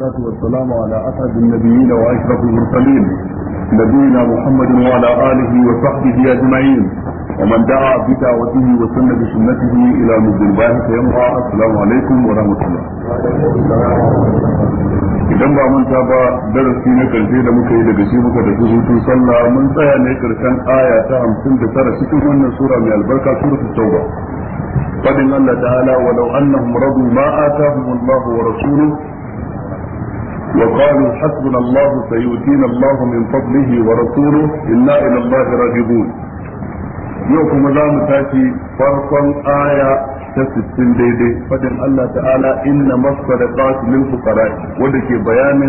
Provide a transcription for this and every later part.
والصلاة والسلام على أسعد النبيين وأشرف المرسلين نبينا محمد وعلى آله وصحبه أجمعين ومن دعا بدعوته وسن بسنته إلى مدن بارك يمضى السلام عليكم ورحمة الله idan ba mun ba darasi na karshe da muka yi daga shi muka da hutu sallah mun tsaya ne karshen aya ta 59 cikin wannan sura mai albarka suratul tauba fadin Allah ta'ala walau annahum radu ma atahum Allah wa rasuluhu وقالوا حسبنا الله سيؤتينا الله من فضله ورسوله إنا إلى الله راجعون يوكم زام تاتي فرقا آية تسبتين ديدي فدن الله تعالى إنما الصدقات للفقراء ودك بيان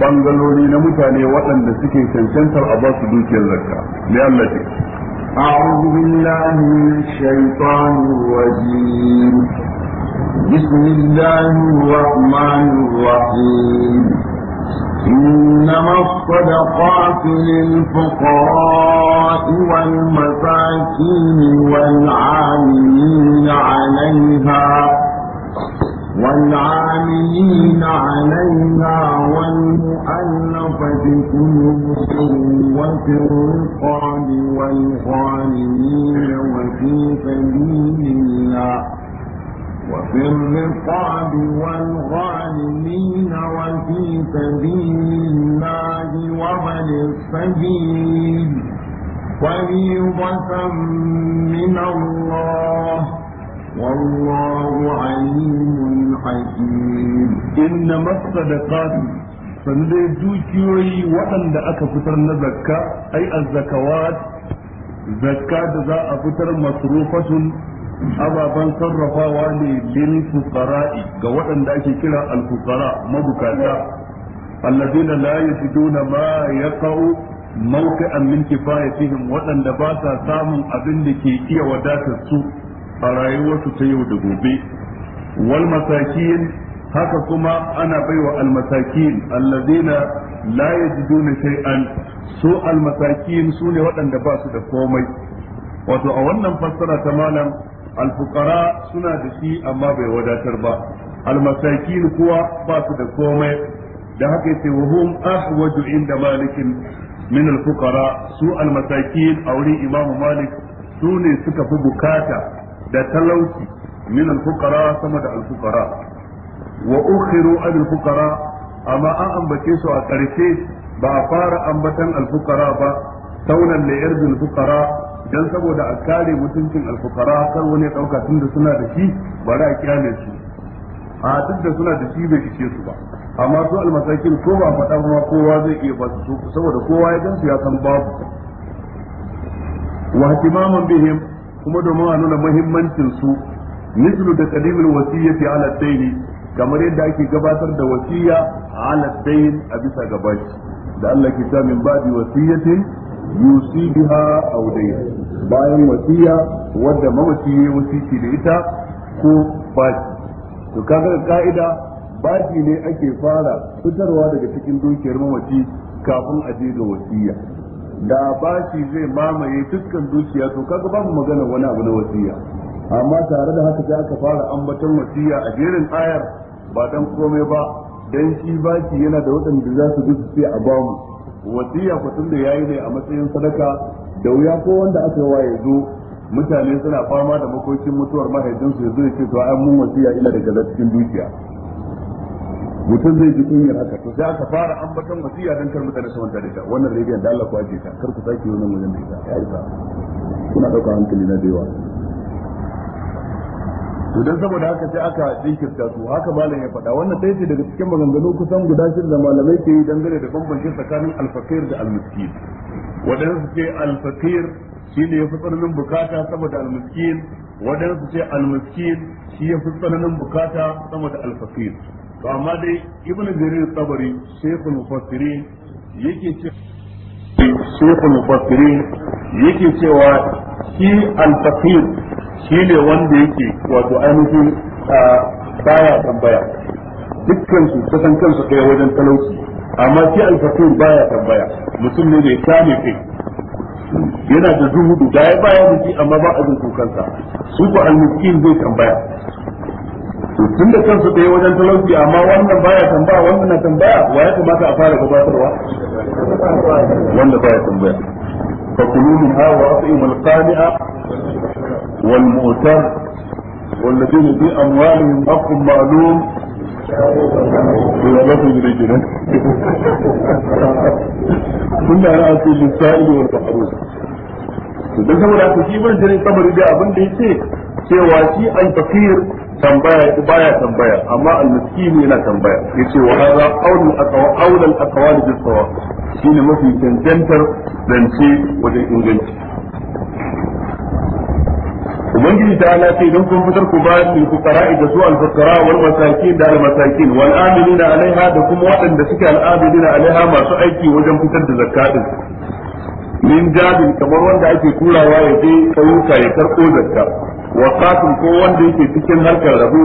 bangalori na mutane waɗanda suke cancantar a ba su dukiyar zakka ne Allah ce أعوذ بالله من الشيطان الرجيم بسم الله الرحمن الرحيم إنما الصدقات للفقراء والمساكين والعاملين عليها والعاملين عليها والمؤلفة قلوبهم وفي الرقاب والغالمين وفي سبيل الله وفي الرقاب والغالمين وفي سبيل الله وبن السبيل فريضة من الله والله عليم حكيم إنما الصدقات sannan dukiyoyi waɗanda aka fitar na zakka ai azzakawat zakka da za a fitar masrufatun ababen sarrafawa ne lil fuqara'i ga waɗanda ake kira al mabukata alladina la yajiduna ma yaqau mawqi'an min kifayatihim waɗanda ba sa samun abin da ke iya wadatar su a rayuwarsu ta yau da gobe wal masakin haka kuma ana baiwa al masakin alladina la yajiduna shay'an su al masakin sune waɗanda ba su da komai wato a wannan fassara ta malam alfukara suna da shi amma bai wadatar ba almasakin kuwa ba su da komai da haka yace wa hum ahwaju inda malikin min alfukara su almasakin a wurin imam malik su ne suka fi bukata da talauci min alfukara sama da alfukara wa ukhiru an alfukara amma an ambace su a ƙarshe ba a fara ambatan alfukara ba saunan la yarzul dan saboda a kare mutuncin alfukara kar wani ya dauka tunda suna da shi bari a kyale su a duk da suna da shi bai kike su ba amma su almasakin ko ba fada ba kowa zai iya ba su saboda kowa ya gansu ya san babu wa hatimaman bihim kuma domin a nuna muhimmancin su mislu da qadimul wasiyyati ala dayni kamar yadda ake gabatar da wasiya ala dayn a bisa gabashi da Allah ke ta min ba'di wasiyatin yusi biha aw bayan wasiya wadda mamaci ya wasiki da ita ko bashi to kaga ka'ida bashi ne ake fara fitarwa daga cikin dukiyar mamaci kafin a je ga wasiya da bashi zai mamaye dukkan dukiya to kaga babu magana wani abu na wasiya amma tare da haka da aka fara ambaton wasiya a jerin ayar ba dan komai ba dan shi baki yana da waɗanda za su su ce a bamu wasiya ku tunda yayi ne a matsayin sadaka da wuya ko wanda aka wa ya zo mutane suna fama da makokin mutuwar mahaifinsu ya zo ya ce to an mun wasiya ila da gaza cikin dukiya mutum zai ji kunyar haka to sai aka fara ambaton wasiya dan kar mutane su manta da ita wannan rigiyar da Allah ku aje ta kar ku sake wannan wajen da ita ya isa kuna dauka hankali na da yawa to dan saboda haka sai aka jinkirta su haka malam ya faɗa wannan sai ce daga cikin maganganu kusan guda shida da malamai ke yi dangane da bambanci tsakanin alfaqir da almiskin waɗansu ce alfakir shine yafi tsananin bukata saboda almiskin waɗansu ce almiskin shi yafi tsananin bukata saboda alfakir to amma dai ibnu jarir tabari shaykhul mufassirin yake cewa shekul mufassirin yake cewa shi al shi shine wanda yake wato ainihin baya tambaya dukkan su kusan kansu kai wajen talauci amma shi al baya tambaya mutum ne mai kame kai yana da zuhudu da ya baya miki amma ba abin kansa su ko al zai tambaya to tun da kansu da wajen talauci amma wannan baya tambaya wannan na tambaya wa ya kamata a fara gabatarwa wanda baya tambaya fa kulu min ha wa asim al qani'a wal mu'tar wal ladina bi amwalihim haqqun ma'lum Sunna na ake lissa'i wal mahrus. Don saboda haka shi ban jirin kamar da abin da ya ce cewa shi al-fakir tambaya ko baya tambaya amma al-miskinu yana tambaya yace wa hadha qawlun aqwa qawlan aqwal bis sawab shine mafi tantantar zance wajen inganci ubangiji ta ala ce don kun ku ba su ku qara'i da su al-fuqara wal masakin da almasakin masakin wal amilina alaiha da kuma waɗanda suke al-amilina alaiha masu aiki wajen fitar da zakatin min jabin kamar wanda ake turawa ya je kayuka ya karko zakka wa katin ko wanda yake cikin harkar rabu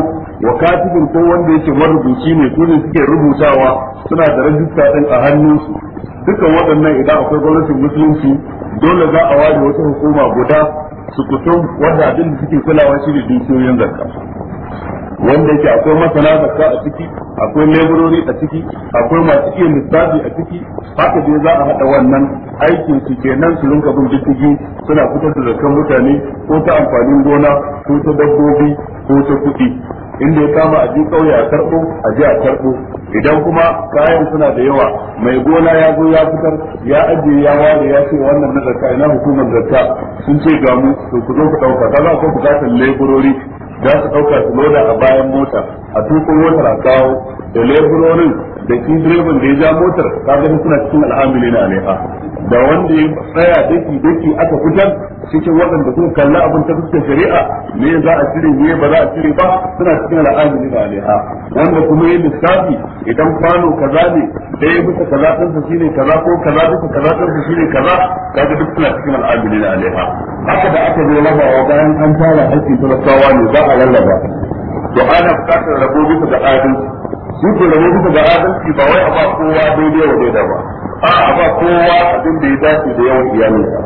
wa katibin ko wanda yake marubuci ne su ne suke rubutawa suna da rajista din a hannunsu duka waɗannan idan akwai gwamnatin musulunci dole za a ware wata hukuma guda su kutum wanda abin da suke kulawa shi ne dukiyoyin zakka wanda yake akwai masana zakka a ciki akwai laborori a ciki akwai masu iya misali a ciki haka dai za a hada wannan aikin su kenan su rinka bin diddigi suna fitar da zakkan mutane ko ta amfanin gona ko ta dabbobi ko ta kuɗi inda ya kama a ji kauye a karɓo a ji a karɓo idan kuma kayan suna da yawa mai gona ya zo ya fitar ya ajiye ya ware ya ce wannan na zakka ina hukumar zakka sun ce ga mu to ku zo ku ɗauka kaza ko bukatar laborori za su ɗauka su loda a bayan mota a tukun motar a kawo da leburorin da shi direban da ya ja motar kaga suna cikin al'amili na alaiha da wanda ya tsaya daki daki aka fitar cikin waɗanda suka kalla abin ta fuskar shari'a me za a cire me ba za a cire ba suna cikin al'amili na alaiha wanda kuma ya lissafi idan kwano kaza ne da ya bisa kaza ɗinsa shine kaza ko kaza bisa kaza ɗinsa shine kaza ga duk suna cikin al'amili na alaiha haka da aka zo labawa bayan an tara haƙƙin talakawa ne za a lallaba to ana bukatar rabo bisa ga adalci shi ke rabo bisa ga adalci ba wai a ba kowa daidai wa daida ba a a ba kowa abin da ya dace da yawan iyalinsa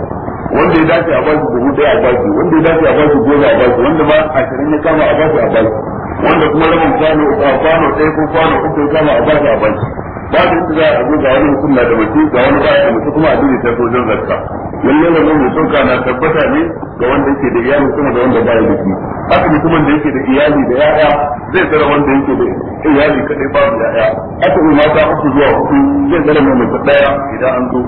wanda ya dace a bashi dubu daya a bashi wanda ya dace a bashi goma a bashi wanda ba ashirin ya kama a bashi a bashi wanda kuma rabin kwano kwano ɗaya ko kwano uku ya kama a bashi a bashi babu su za a zo ga wani mutum da mutum ga wani baya da mutum kuma a duniya ta so jin zakka lalle wannan mutum ka na tabbata ne ga wanda yake da iyali kuma da wanda baya da shi haka mutumin da yake da iyali da yaya zai tsara wanda yake da iyali kadai babu yaya haka mai mata uku zuwa uku zai tsara mai mutum daya idan an zo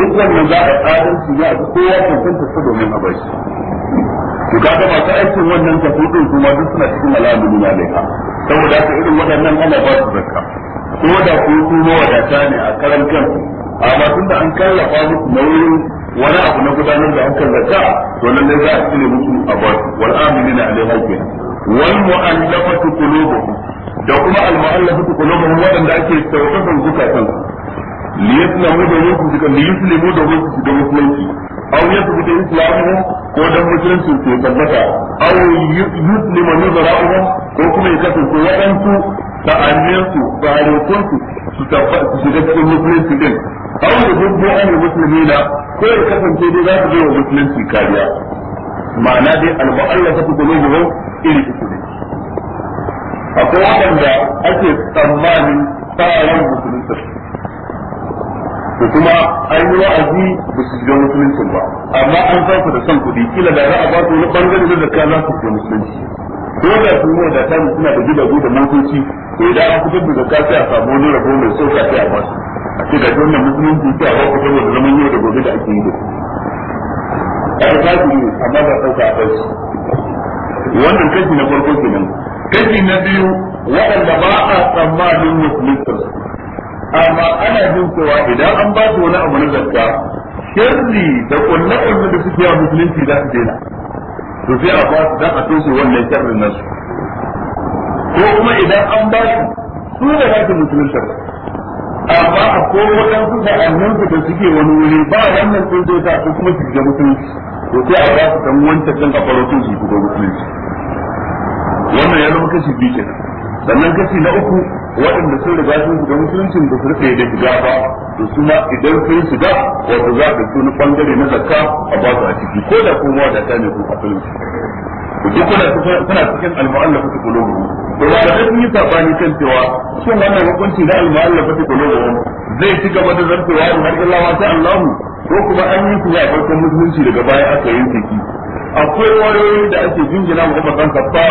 duk wannan za a adalci ne a kowa cancanta su domin a bar shi kaga masu aikin wannan kafin kuma duk suna cikin alamu ne na saboda haka irin waɗannan ana ba su zakka ko da wadata su mawadata ne a karan kan amma tun da an kallafa musu nauyin wani abu na gudanar da hakan zakka to nan ne za a cire musu a bar wal amilina alai kenan wal mu'allafatu qulubuhum da kuma al mu'allafatu qulubuhum wadanda ake tawafan zukatan liyaslimu da wasu suka liyaslimu da wasu suka musulunci aw da islamu ko da musulunci su tabbata aw yuslimu nazara'uhum ko kuma ya kasance waɗansu sa'annin su sa'annin su su shiga cikin musulunci a aw da hubbu an muslimina ko ya kasance dai za su je wa musulunci kariya ma'ana dai al-mu'allafa qulubuhum iri uku ne akwai waɗanda ake tsammanin tsarin musulunci da kuma an yi wa'azi ba su shiga musuluncin ba amma an san da son kuɗi kila da a ba su wani bangare na zakka za su shiga musulunci ko da sun yi da samu suna da gidaje da motoci ko da aka fitar da zakka sai a samu wani rabo mai sauka sai a ba a ce ga wannan musulunci sai a baku ku saboda zaman yau da gobe da ake yi da su a ta su amma ba sauka a kai wannan kashi na farko kenan kashi na biyu waɗanda ba a tsammanin musulunci amma ana jin cewa idan an ba su wani abu na zakka shirri da kulle-kulle da suke a musulunci za su daina to sai a basu su dan a toshe wannan sharrin nasu ko kuma idan an ba su su da za su musulunta amma a ko su da annan su da suke wani wuri ba wannan sun zo ta su kuma su shiga musulunci to sai a ba su dan wancan dan a farko su shiga musulunci wannan ya zama kashi biyu kenan sannan kashi na uku waɗanda sun riga sun shiga musuluncin da su rufe da shiga ba to su ma idan sun shiga wato za ka tuni ɓangare na zakka a ba su a ciki ko da kuma da ta ne ku a filin duk kuna kuna cikin al-mu'allafa ta kulubu to ba da sun yi sabani kan cewa shin wannan hukunci na al-mu'allafa ta kulubu zai ci gaba da zartewa har illa ma ta Allahu ko kuma an yi su a farkon musulunci daga baya aka yi saki akwai wayoyi da ake jingina umar dan Kaffa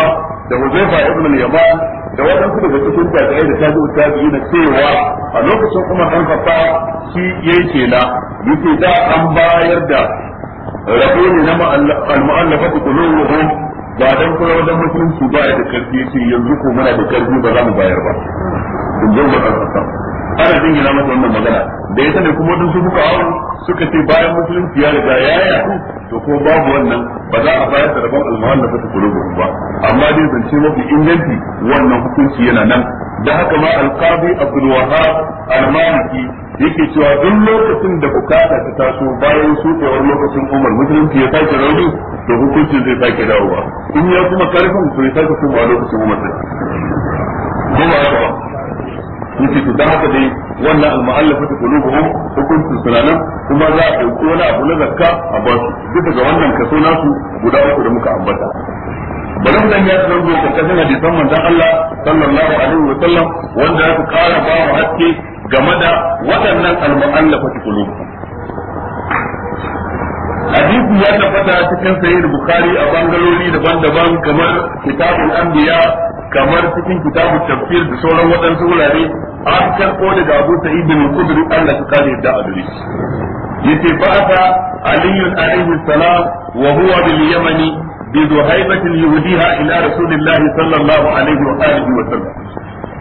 da Huzaifa ibn al-Yaman da wadansu daga cikin tabi'ai da tabi'u tabi'i na cewa a lokacin Umar dan Kaffa shi yayi kela yake da an bayar da rabo ne na al-mu'allafatu qulubuhum ba dan kula wajen musulunci ba da karfi yace yanzu ko muna da karfi ba za mu bayar ba. ana jingina masa wannan magana da ya sani kuma wadansu suka hau suka ce bayan musulunci ya riga ya yaku to ko babu wannan ba za a bayar da rabon da suka ta kulubu ba amma dai zance mafi inganci wannan hukunci yana nan da haka ma alkabi a wahab al yake cewa duk lokacin da bukata ta taso bayan sukewar lokacin umar musulunci ya sake rauni to hukuncin zai sake dawowa in ya kuma karfin to ya sake kuma lokacin umar sai yake to dan haka dai wannan almu'allafatu qulubuhum hukuncin sunanan kuma za a dauko wani abu na zakka a ba su duk ga wannan kaso nasu guda uku da muka ambata bari dan ya san zo kasan hadisan manzon Allah sallallahu alaihi wa sallam wanda ya kara ba mu haske game da waɗannan almu'allafatu qulubuhum hadisi ya tabbata cikin sahih bukhari a bangalori daban-daban kamar kitabul anbiya kamar cikin kitabu tafsir da sauran waɗansu wurare an karɓo daga Abu Sa'id bin Khudri Allah ya kare da adali yace ta Ali Alayhi salam wa huwa bil yamani bi zuhaibatin yudiha ila rasulillahi sallallahu alaihi wa alihi wa sallam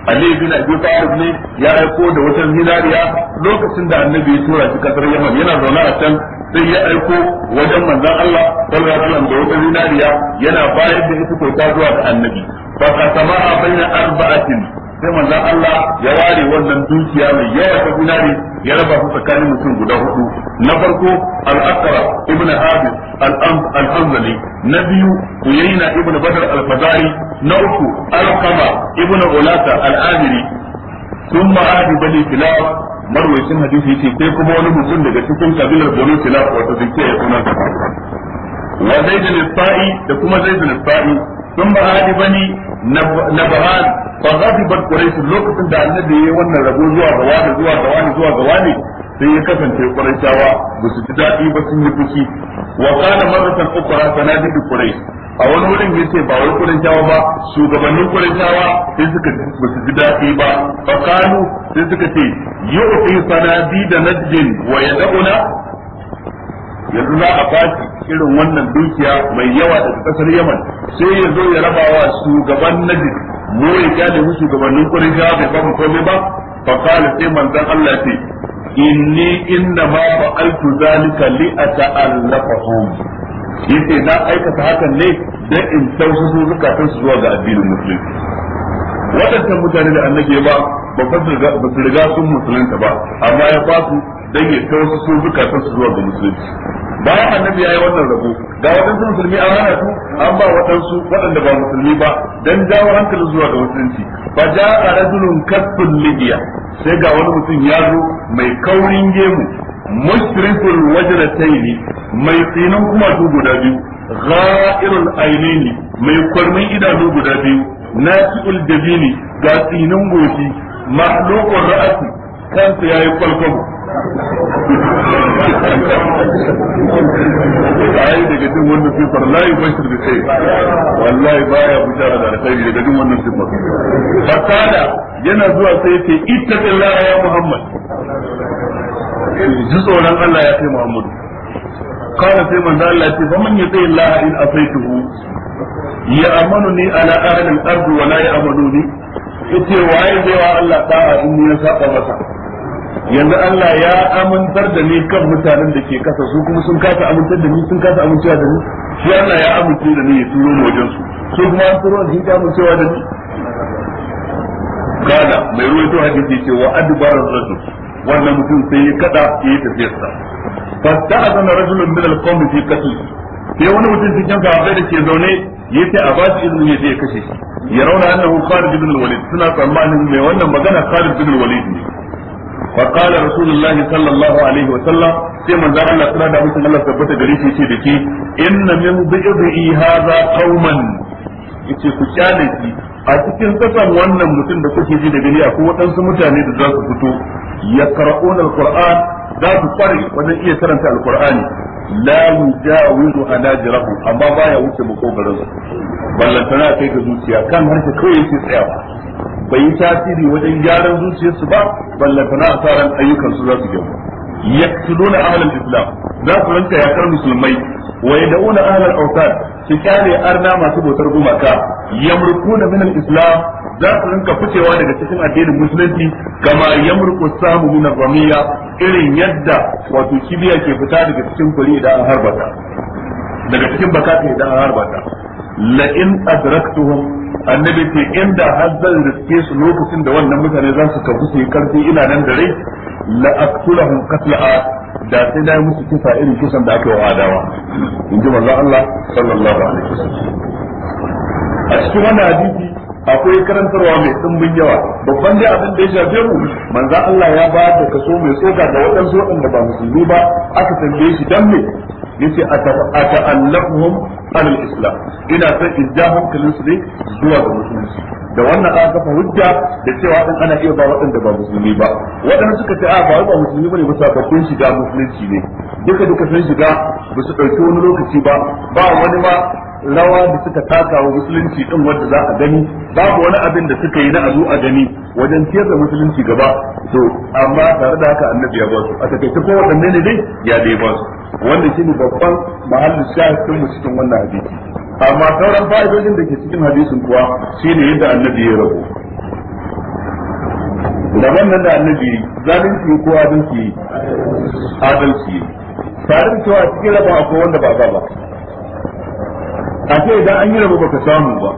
Ali bin Abi Talib ne ya aiko da wata zinariya lokacin da annabi ya tura shi kasar Yaman yana zaune a can sai ya aiko wajen manzon Allah sallallahu alaihi wasallam da wata zinariya yana bayar da ita kyauta zuwa ga annabi fa qasamaha baina arba'atin sai manzon Allah ya ware wannan dukiya mai yawa ta gunari ya raba su tsakanin mutum guda hudu na farko al-aqra ibnu habib al-hanzali na biyu uyayna Ibn badr al-fazari na uku al-qama ibnu ulata al-amiri ثم عاد بني كلاب marwacin hadisi yace sai kuma wani mutum daga cikin kabilar Bani Kilab wato Zakiya ya sunan sa wa Zaid al-Fa'i da kuma Zaid al-Fa'i ثم عاد بني نبهان فغضب قريش لوكتن da النبي يي wannan rabo zuwa ga wani zuwa ga wani zuwa ga wani sai ya kasance quraishawa ba su ji dadi ba sun yi fushi wa kana marratan ukra sanadid quraish a wani wurin yace ba wai quraishawa ba shugabannin quraishawa sai suka ba su ji dadi ba fa kanu sai suka ce yu'ti sanadid najdin wa yad'una yanzu za a baki irin wannan dukiya mai yawa daga kasar yaman sai ya zo ya raba wa shugaban najib mu ya kyale mu shugabannin kurisha bai ba mu komai ba fa qala sai manzon Allah ce inni inna ma fa'altu zalika li ata'allafahum yace na aikata hakan ne dan in su zukatan su zuwa ga addinin musulunci wadannan mutane da annabi ba ba su riga sun musulunta ba amma ya ba su dan ya kawo su ta su zuwa ga musulunci bayan annabi yayi wannan rabo ga wadansu musulmi an hana su an ba wadansu wadanda ba musulmi ba dan jawo hankali zuwa ga musulunci fa a rajulun kaffun libya sai ga wani mutum ya zo mai kaurin gemu mushriful wajrataini mai tsinin kuma guda biyu gha'irul ainaini mai kwarmin idanu guda biyu nasi'ul dabini ga tsinin goshi mahluqur ra'si kansa yayi kwalkwabo ai daga jin wannan sifar la yubashir bi kai wallahi baya bujara da alkhairi daga jin wannan sifar fasada yana zuwa sai yace ittaqillaha ya muhammad ji tsoron Allah ya kai muhammadu qala sai manzo Allah ya ce faman yati Allah in asaituhu ya amanuni ala ahli al-ard wa la ya'manuni yace waye zai wa Allah ta'a in ya saba masa yanzu Allah ya amintar da ni kan mutanen da ke kasa su kuma sun kasa amintar da ni sun kasa amincewa da ni shi Allah ya amince da ni ya turo ni wajen su su kuma an turo ni ya amincewa da ni kana mai ruwaito hadisi ce wa adbarar rasul wannan mutum sai ya kada ya tafiyar sa fasta azana rajulun min al-qawmi fi qatl sai wani mutum cikin sahabbai da ke zaune yace a ba shi izini ya je ya kashe shi ya rauna annahu Khalid ibn al-Walid suna tsammanin mai wannan magana Khalid ibn al-Walid ne فقال رسول الله صلى الله عليه وسلم sai manzon Allah sura da mutum Allah tabbata gari shi ce da ke inna min bi'i hadha ku kyale shi a cikin kasan wannan mutum da kuke ji da gani akwai waɗansu mutane da za su fito ya qara'una alquran za su kware wajen iya karanta alqur'ani la yujawizu jirahu amma baya wuce makogarin ballantana kai ga zuciya kan harshe kawai yake tsayawa bai yi tasiri wajen gyaran zuciyarsu ba ballantana a sa ran ayyukan su za su gyaru yaqtuluna islam za su ranka yakar musulmai wa yad'una ahlal awtad su kare arna masu bautar gumaka yamrukuna min al-islam za su rinka ficewa daga cikin addinin musulunci kama yamruku samu min ramiya irin yadda wato kibiya ke fita daga cikin kuri idan an harbata daga cikin bakata idan an harbata la in adraktuhum annabi ce inda har zan riske su lokacin da wannan mutane za su kafu su yi karfi ina nan da rai la aqtulahum da sai na musu kisa irin kisan da aka wa adawa in ji manzon Allah sallallahu alaihi wasallam a cikin wannan hadisi akwai karantarwa mai dimbin yawa babban dai abin da ya shafe mu manzon Allah ya ba da kaso mai tsoka ga waɗansu waɗanda ba musulmi ba aka tambaye shi dan me yace ata'allahum alal islam ina san ijahum kalin su ne zuwa ga musulunci da wannan aka kafa hujja da cewa din ana iya ba waɗanda ba musulmi ba waɗanda suka ce a ba ba musulmi bane ba sababbin shiga musulunci ne duka duka sun shiga ba su ɗauki wani lokaci ba ba wani ma rawa da suka taka wa musulunci din wanda za a gani babu wani abin da suka yi na azu a gani wajen ciyar da musulunci gaba to amma tare da haka annabi ya ba su a ta kowa waɗanne ne dai ya dai ba su wanda shine babban mahallin shahidin mu cikin wannan hadisi amma sauran fa'idodin da ke cikin hadisin kuwa shine yadda annabi ya rabu da wannan da annabi zalunci ko adalci adalci tare da cewa cikin raba akwai wanda ba ba ba a ce idan an yi rabu baka samu ba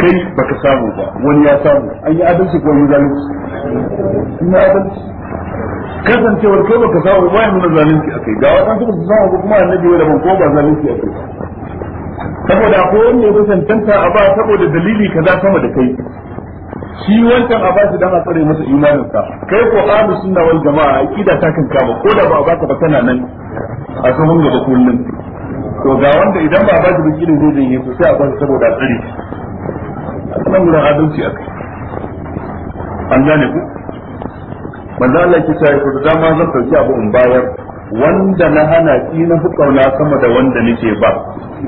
kai baka samu ba wani ya samu an yi adalci ko wani zalunci ina adalci kasancewar kai baka samu ba ya nuna zalunci akai ga wadansu ba su samu ba kuma annabi ya rabon ko ba zalunci akai saboda ko wanda ya tantanta a ba saboda dalili kaza sama da kai shi wancan a bashi dan a tsare masa imanin sa kai ko ahlus sunna wal jamaa aqida ta kan kama ko da ba a baka ba kana nan a tsohon da kullun to ga wanda idan ba ba shi ba zai yi su sai a kwanci saboda a a nan gudan adalci kai an gane ku manzo Allah ki sai ku dama zan dauki abu in bayar wanda na hana shi na hukauna sama da wanda nake ba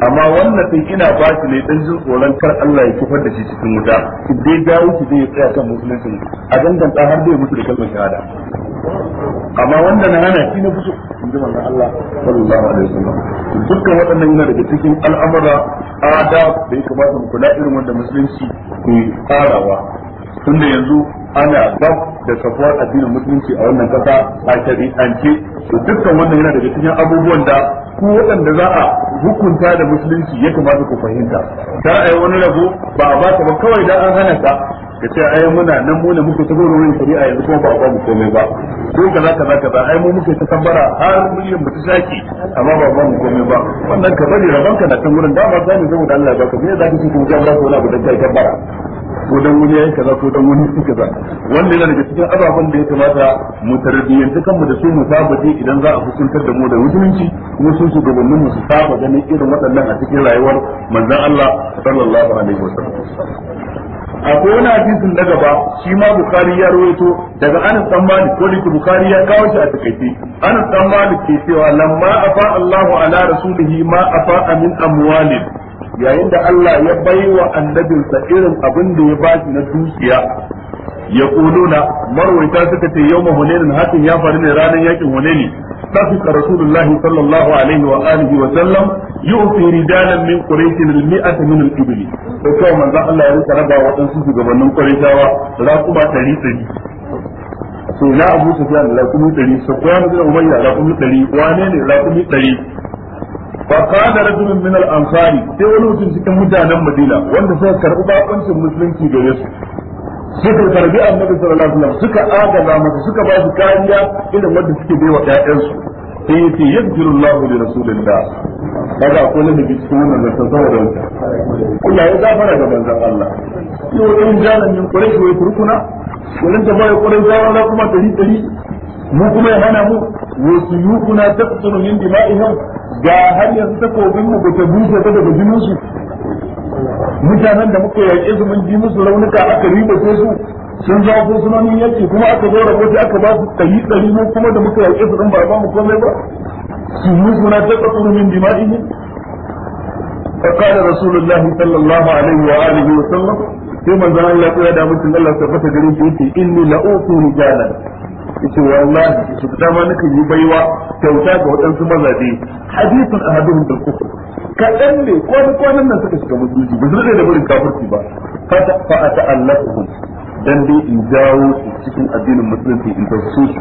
amma wannan sai ina ba shi ne dan jin tsoron kar Allah ya kufar da shi cikin wuta ki dai dawo ki zai tsaya kan musulunci a danganta har zai mutu da kalmar shahada amma wanda na hana shi na fi in ji manzon Allah sallallahu alaihi wasallam dukkan waɗannan yana daga cikin al'amura ada da ya kamata mu kula irin wanda musulunci ke tsarawa tunda yanzu ana gab da safuwar addinin musulunci a wannan kasa a shari'ance to dukkan wannan yana daga cikin abubuwan da ku waɗanda za a hukunta da musulunci ya kamata ku fahimta da a yi wani rabo ba a ba ta ba kawai da an hana ta ka ce ai muna nan mu ne muke ta gurin yin shari'a yanzu kuma ba a bamu komai ba ko kaza kaza kaza ai mu muke ta tambara har miliyan mu ta amma ba bamu komai ba wannan ka bari rabon ka na kan gurin dama za mu saboda Allah ba ka me za ka ci kuma jabra ko na abu da kai tambara ko dan wani yayin kaza ko dan wani shi kaza wanda yana daga cikin ababen da ya kamata mu tarbiyyanta mu da su mu sabaje idan za a hukuntar da mu da wujinci kuma su su gabanin mu su saba ganin irin waɗannan a cikin rayuwar manzon Allah sallallahu alaihi wasallam akwai wani hadisin na gaba shi ma bukari ya rawaito daga anas dan ko dake bukari ya kawo shi a takaice anas dan malik ke cewa lamma afa Allahu ala rasulihi ma afa min amwalin yayin da Allah ya bai baiwa annabinsa irin abin da ya bashi na dukiya ya kuluna marwaita suka ce yau hunainin hakan ya faru ne ranar yakin hunaini ضحك رسول الله صلى الله عليه وآله وسلم يؤتي رجالا من قريش المئة من الإبل وكما من ذا الله يريد ربا وتنسيس قبل قريشا راقبا تريسي سيلا أبو سفيان راقمي تري سفيان بن أمية راقمي تري وانين راقمي تري فقال رجل من الأنصار سيولو تنسيك مدانا مدينة وانت سيكر أبا أنت مسلمتي جريسي suka tarbi annabi sallallahu alaihi wasallam suka agaza masa suka ba su kariya irin wanda suke bai wa ƴaƴansu sai yace yaghfirullahu li rasulillah kaga ko ne da cikin wannan da ta saboda Allah ya gafara ga manzon Allah yo in jana min quraish wa turkuna wannan da bai quraish da kuma dari dari mu kuma ya hana mu wasu yukuna taqtulu min dima'ihim ga har yanzu takobin mu ba ta bushe ba daga jinin su mutanen da muka yaƙe su mun ji musu raunuka aka ribace su sun zafo sunanin yaƙi kuma aka zo rabo aka ba su ɗari ɗari mu kuma da muka yaƙe su ɗin ba ba mu komai ba su musu na ta tsakuru min a فقال رسول الله صلى wa عليه wa sallam sai manzon Allah ya da mutum Allah ta fata garin shi yace inni la utu jana. yace wallahi su da ma nake yi baiwa kyauta ga waɗansu mazaje hadithun ahaduhum bil kufr kadan ne ko kwanan nan suka shiga musulunci ba zai da burin kafirci ba fa fa ta'allaquhum dan dai in jawo cikin addinin musulunci in tausu su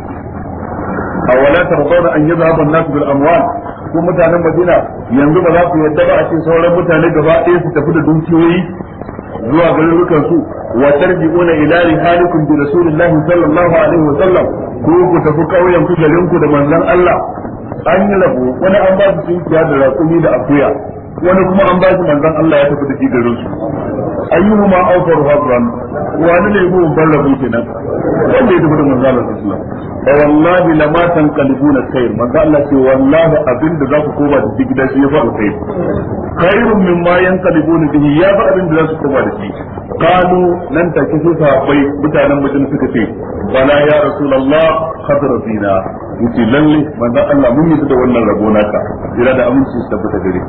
awala tardawna an yadhhabu na su bil amwal ko mutanen Madina yanzu ba za ku yadda ba a ce sauran mutane gaba ɗaya su tafi da dukiyoyi zuwa garurukan su wa tarji'una ila rihalikum bi rasulillahi sallallahu alaihi wa sallam ku ku tafi kauyen ku da manzon Allah an yi rabo wani an ba su tunkiya da raƙumi da akuya wani kuma an ba su manzon Allah ya tafi da shi garin su ayyuhu ma awfar hazran wani ne mu ballabu kenan wanda ya dubu manzo Allah sallallahu fa wallahi lama tanqalibuna khair manzo Allah ce wallahi abin da zaku koma da shi gida shi ya fa alkhair khairun mimma yanqalibuna bihi ya fa abin da zaku koma da shi qalu nan take su bai mutanen mutum suka ce bala ya rasulullah khadra fina yace lalle manzo Allah mun yi da wannan rabo naka jira da aminci su tabbata gare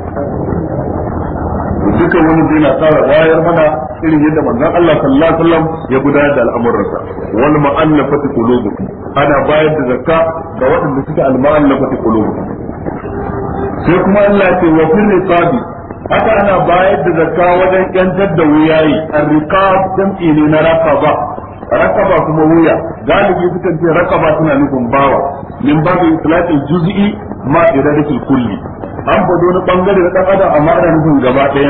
duka wani zai na tsara bayar mana irin yadda manzan Allah sallallahu alaihi ya gudanar da al'amuransa wal mu'allafati qulubukum ana bayar da zakka ga waɗanda suke al mu'allafati qulubukum sai kuma Allah ya ce wa fil riqabi haka ana bayar da zakka wajen yantar da wuyayi ar-riqab jam'i ne na raqaba rakaba kuma wuya galibi sukan ce rakaba suna nufin bawa min babu itlaqil juz'i ma iradatul kulli an faɗo wani bangare na dan adam amma ana nufin gaba sa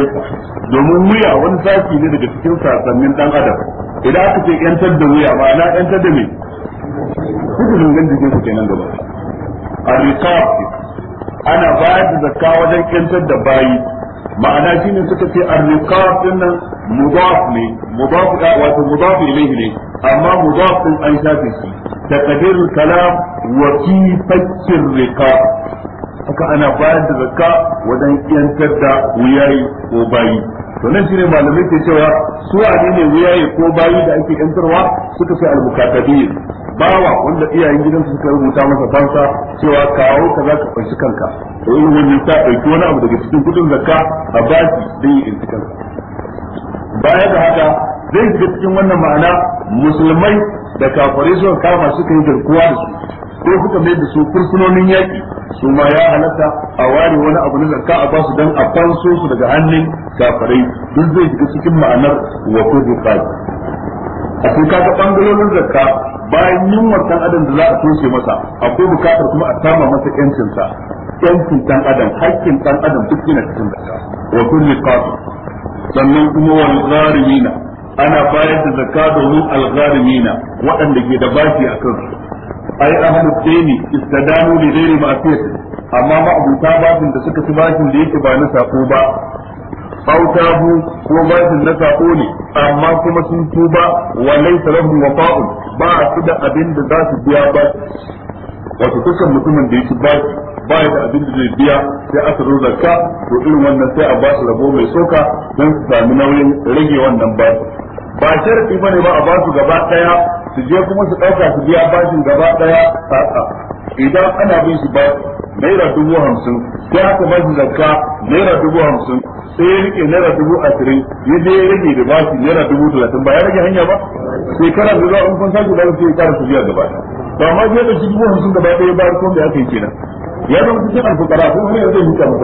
domin wuya wani sashi ne daga cikin sasannin dan adam idan aka ce yantar da wuya ba na yantar da me kudu zungan jikin su kenan gaba a ana bayar da zakka wajen yantar da bayi ma'ana shine suka ce ar-riqab din nan mudaf ne mudaf wato mudaf ilayhi ne amma mudaf an shafe shi taqdirul kalam wa fi fakir riqab haka ana bayar da zakka wajen yantar da wuyayi ko bayi to nan shine malamai ke cewa su ne ne wuyayi ko bayi da ake yantarwa suka sai al-mukatabiyin bawa wanda iyayen gidansu suka rubuta masa fansa cewa kawo ka za ka fanshi kanka to in wani ta dauki wani abu daga cikin kudin zakka a baki dai in kanka baya da haka zai shiga cikin wannan ma'ana musulmai da kafirai suka kama suka yi garkuwa da su ko suka mai da su fursunonin yaƙi su ma ya halatta a ware wani abu na zakka a basu dan a fanso su daga hannun kafirai duk zai shiga cikin ma'anar wa kudu a cikin kaga bangalolin zakka bayan yunwar dan adam da za a toshe masa akwai bukatar kuma a sama masa yancin sa yancin dan adam haƙƙin ɗan adam duk yana cikin zakka wa kulli qasim sannan kuma wal gharimina ana bayar da zakka domin al gharimina waɗanda ke da bashi a kansu ai ahlud dini istadanu li ghairi ma'siyati amma ma abuta bashin da suka ci bashin da yake ba na sako ba autahu ko bashin na sako ne amma kuma sun tuba wa laysa lahum wafa'un ba su da abin da za su biya ba wato kusan mutumin da yake bashi ba ya da abin da zai biya sai aka zo zakka to irin wannan sai a ba su rabo mai soka don su sami nauyin rage wannan basu ba sharafi bane ba a basu gaba daya su je kuma su ɗauka su biya bashin gaba daya a'a idan ana bin shi ba naira dubu hamsin sai aka ba shi zakka naira dubu hamsin sai ya rike naira dubu ashirin ya je ya rage da bashi naira dubu talatin ba ya rage hanya ba shekara da zuwa in kun sake da sai ya kara su biya gaba ba ma je da shi dubu hamsin gaba daya ba ko da aka yi kenan ya zama cikin alfukara ko har yanzu ya huta muku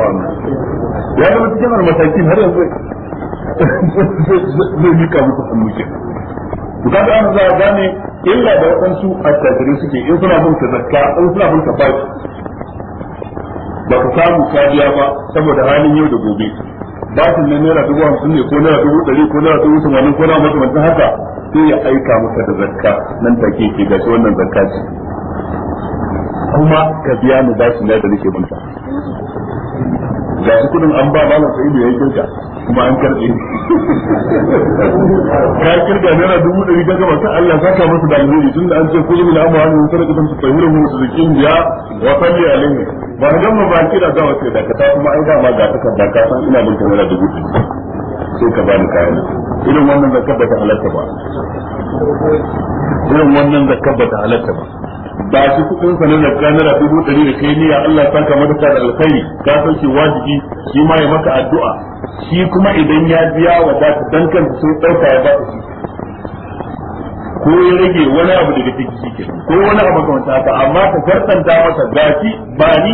ya zama cikin almasakin har yanzu zai mika muku hannu ke to kaga an za gane illa da a attajirai suke in suna bin zakka in suna bin baki ba ka samu kariya ba saboda halin yau da gobe batin na naira dubu hamsin ne ko naira dubu ɗari ko naira dubu tamanin ko naira makamantan haka sai ya aika maka da zakka nan take ke ga shi wannan zakka ce kuma ka biya mu bashi na da nake bunta ga shi kudin an ba malam sa'idu ya yi kirka kuma an karɓe ka kirga naira dubu ɗari ka gaba ta Allah saka masa da alheri tunda an ce kullu la ma hanu sarki tun ta wurin mu su zikin biya wa salli alaihi ba ga mu ba kira da wace da ka kuma ai ga ma ga ta kadda ka san ina binka naira dubu ɗari sai ka bani kayan irin wannan zakar ba ta halatta ba irin wannan zakar ba ta halatta ba ba shi kudin sa na zakka na dubu ɗari da kai ne niyya Allah ya saka maka da alkhairi ka sauke wajibi shi ma ya maka addu'a shi kuma idan ya biya wa da ta dankan sun dauka ya ba shi ko ya rage wani abu daga ciki shike ko wani abu kamar haka amma ka karkanta masa gashi ba ni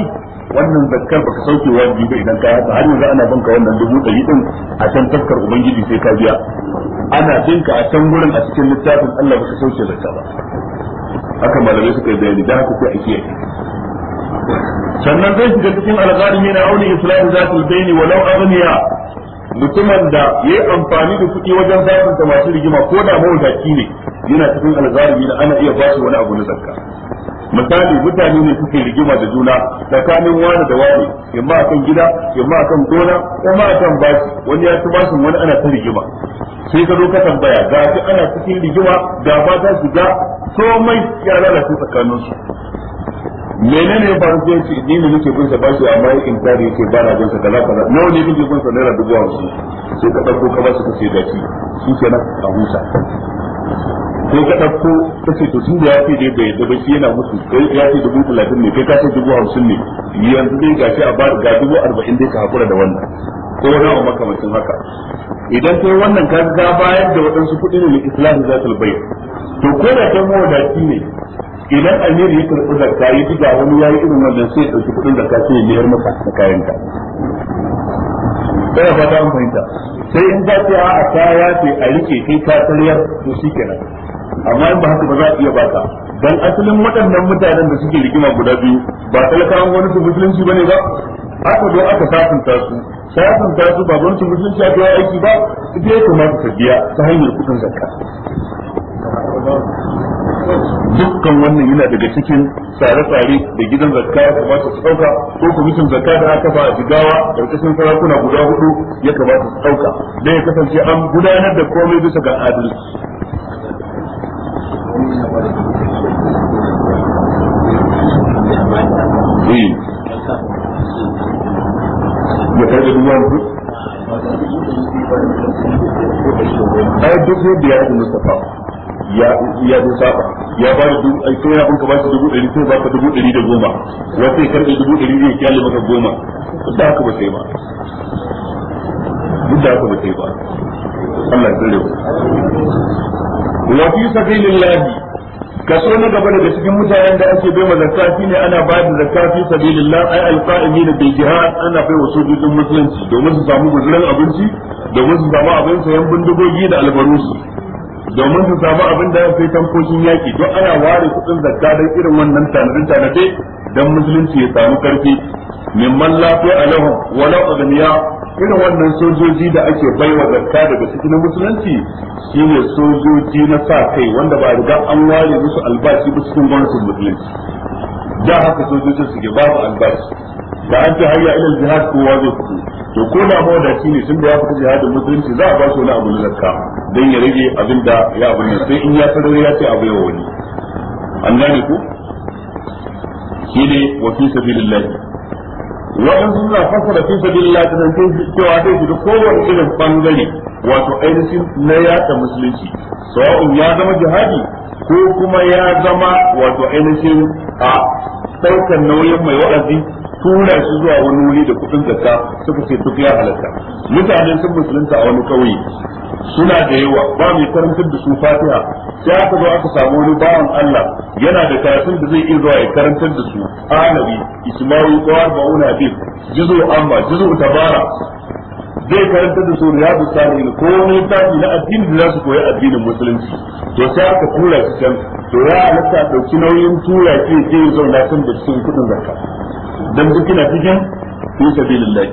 wannan zakkar baka sauke wajibi ba idan ka haka har yanzu ana banka wannan dubu ɗari din a can tafkar ubangiji sai ka biya ana binka a can gurin a cikin littafin Allah baka sauke zakka ba haka malamai suka yi bayani dan haka sai a kiyaye sannan zai shiga cikin alqalimi na auni da zatul bayni wa aghniya mutumin da yayi amfani da kuɗi wajen zafin masu rigima ko da mawadaci ne yana cikin alqalimi da ana iya ba wani abu na zakka misali mutane ne suke rigima da juna tsakanin wani da wani ma akan gida ma akan gona imma akan bashi wani ya ci bashin wani ana ta rigima sai ka zo ka tambaya ga shi ana cikin rigima ga ba ta shiga mai ya lalace tsakanin su menene ba su ce ni ne nake bin sa bashi amma ya tare yake ba na bin sa kaza kaza nawa ne nake bin sa naira dubu hamsin sai ka dauko ka ba su kace da shi kenan a husa sai ka ɗauko ta ce to tun da ya ce dai bai da baki yana musu kai ya ce dubu talatin ne kai ka ce dubu hamsin ne yanzu dai shi a ba ga dubu arba'in dai ka hakura da wannan ko wani abu makamancin haka idan kai wannan ka ga bayar da waɗansu kuɗi ne na islamu za su bai to ko da kai mawadaci ne idan amiri ya karɓi zakka ya ji ga wani ya yi irin wannan sai ya ɗauki kuɗin ka ce ya biyar maka kayan kayanka bai fata an fahimta sai in za ta a ta ce a rike kai ka tsariyar to shi kenan amma in ba haka ba za a iya ba ka dan asalin waɗannan mutanen da suke rigima guda biyu ba talakawan wani su musulunci bane ba aka zo aka sasunta su sasunta su ba gwamnatin musulunci aka yi aiki ba su ya kuma ta biya ta hanyar kudin zakka dukkan wannan yana daga cikin tsare-tsare da gidan zakka ya kamata su ɗauka, ko kwamishin zakka da aka ba a jigawa karkashin sarakuna guda hudu ya kamata su ɗauka, dan ya kasance an gudanar da komai bisa ga adalci eh. ya karbi duwan su ai duk yadda ya yi mustafa ya ya zo saba ya ba da dubu sai ya banka ba shi dubu ɗari sai ba ka dubu ɗari da goma wata ya karɓi dubu ɗari zai kyale maka goma duk da haka ba sai ba duk da haka ba sai ba Allah ya tsare wa fi sabilillahi kaso na gaba daga cikin mutanen da ake bai zakka shine ana ba da zakka fi sabilillah ay alqa'imin bil jihad ana bai wa sojojin musulunci domin su samu guzuran abinci domin su samu abin sayan bindigogi da albarusu domin su samu abin da sai tankokin yaki don ana ware kudin zakka don irin wannan tanadin tanade don musulunci ya samu karfi mimman lafiya alahu wala ugniya irin wannan sojoji da ake baiwa zakka daga cikin musulunci shine sojoji na sa kai wanda ba riga an ware musu albashi ba cikin gwamnatin musulunci da haka sojojin su ke babu albashi da an ce hayya ila jihad kowa zai fito to ko da ba da shi ne tun da ya fita jihadin musulunci za a ba shi wani abu na zakka dan ya rage abin da ya abu ne sai in ya tarar ya ce abu yawa wani an gane ku shi ne wa fi sabilillah waɗansu suna fasara fi sabilillah ta zantin cewa zai fita kowane irin bangare wato ainihin na yaɗa musulunci sawa'un ya zama jihadi ko kuma ya zama wato ainihin a ɗaukar nauyin mai wa'azi tura su zuwa wani wuri da kudin zakka suka ce duk ya halatta Mutanen sun musulunta a wani kauye suna da yawa ba mai karantar da su fatiha sai aka zo aka samu wani bawan Allah yana da karatun da zai iya zuwa ya karantar da su Alabi, ismail qawar bauna bib juzu amma juzu tabara zai karantar da su riyadu salihin ko wani tafi na addini da za su koyi addinin musulunci to sai aka tura su can to ya halatta dauki nauyin tura ke ke zauna can da cikin kudin zakka dan duk ina cikin fi sabilillah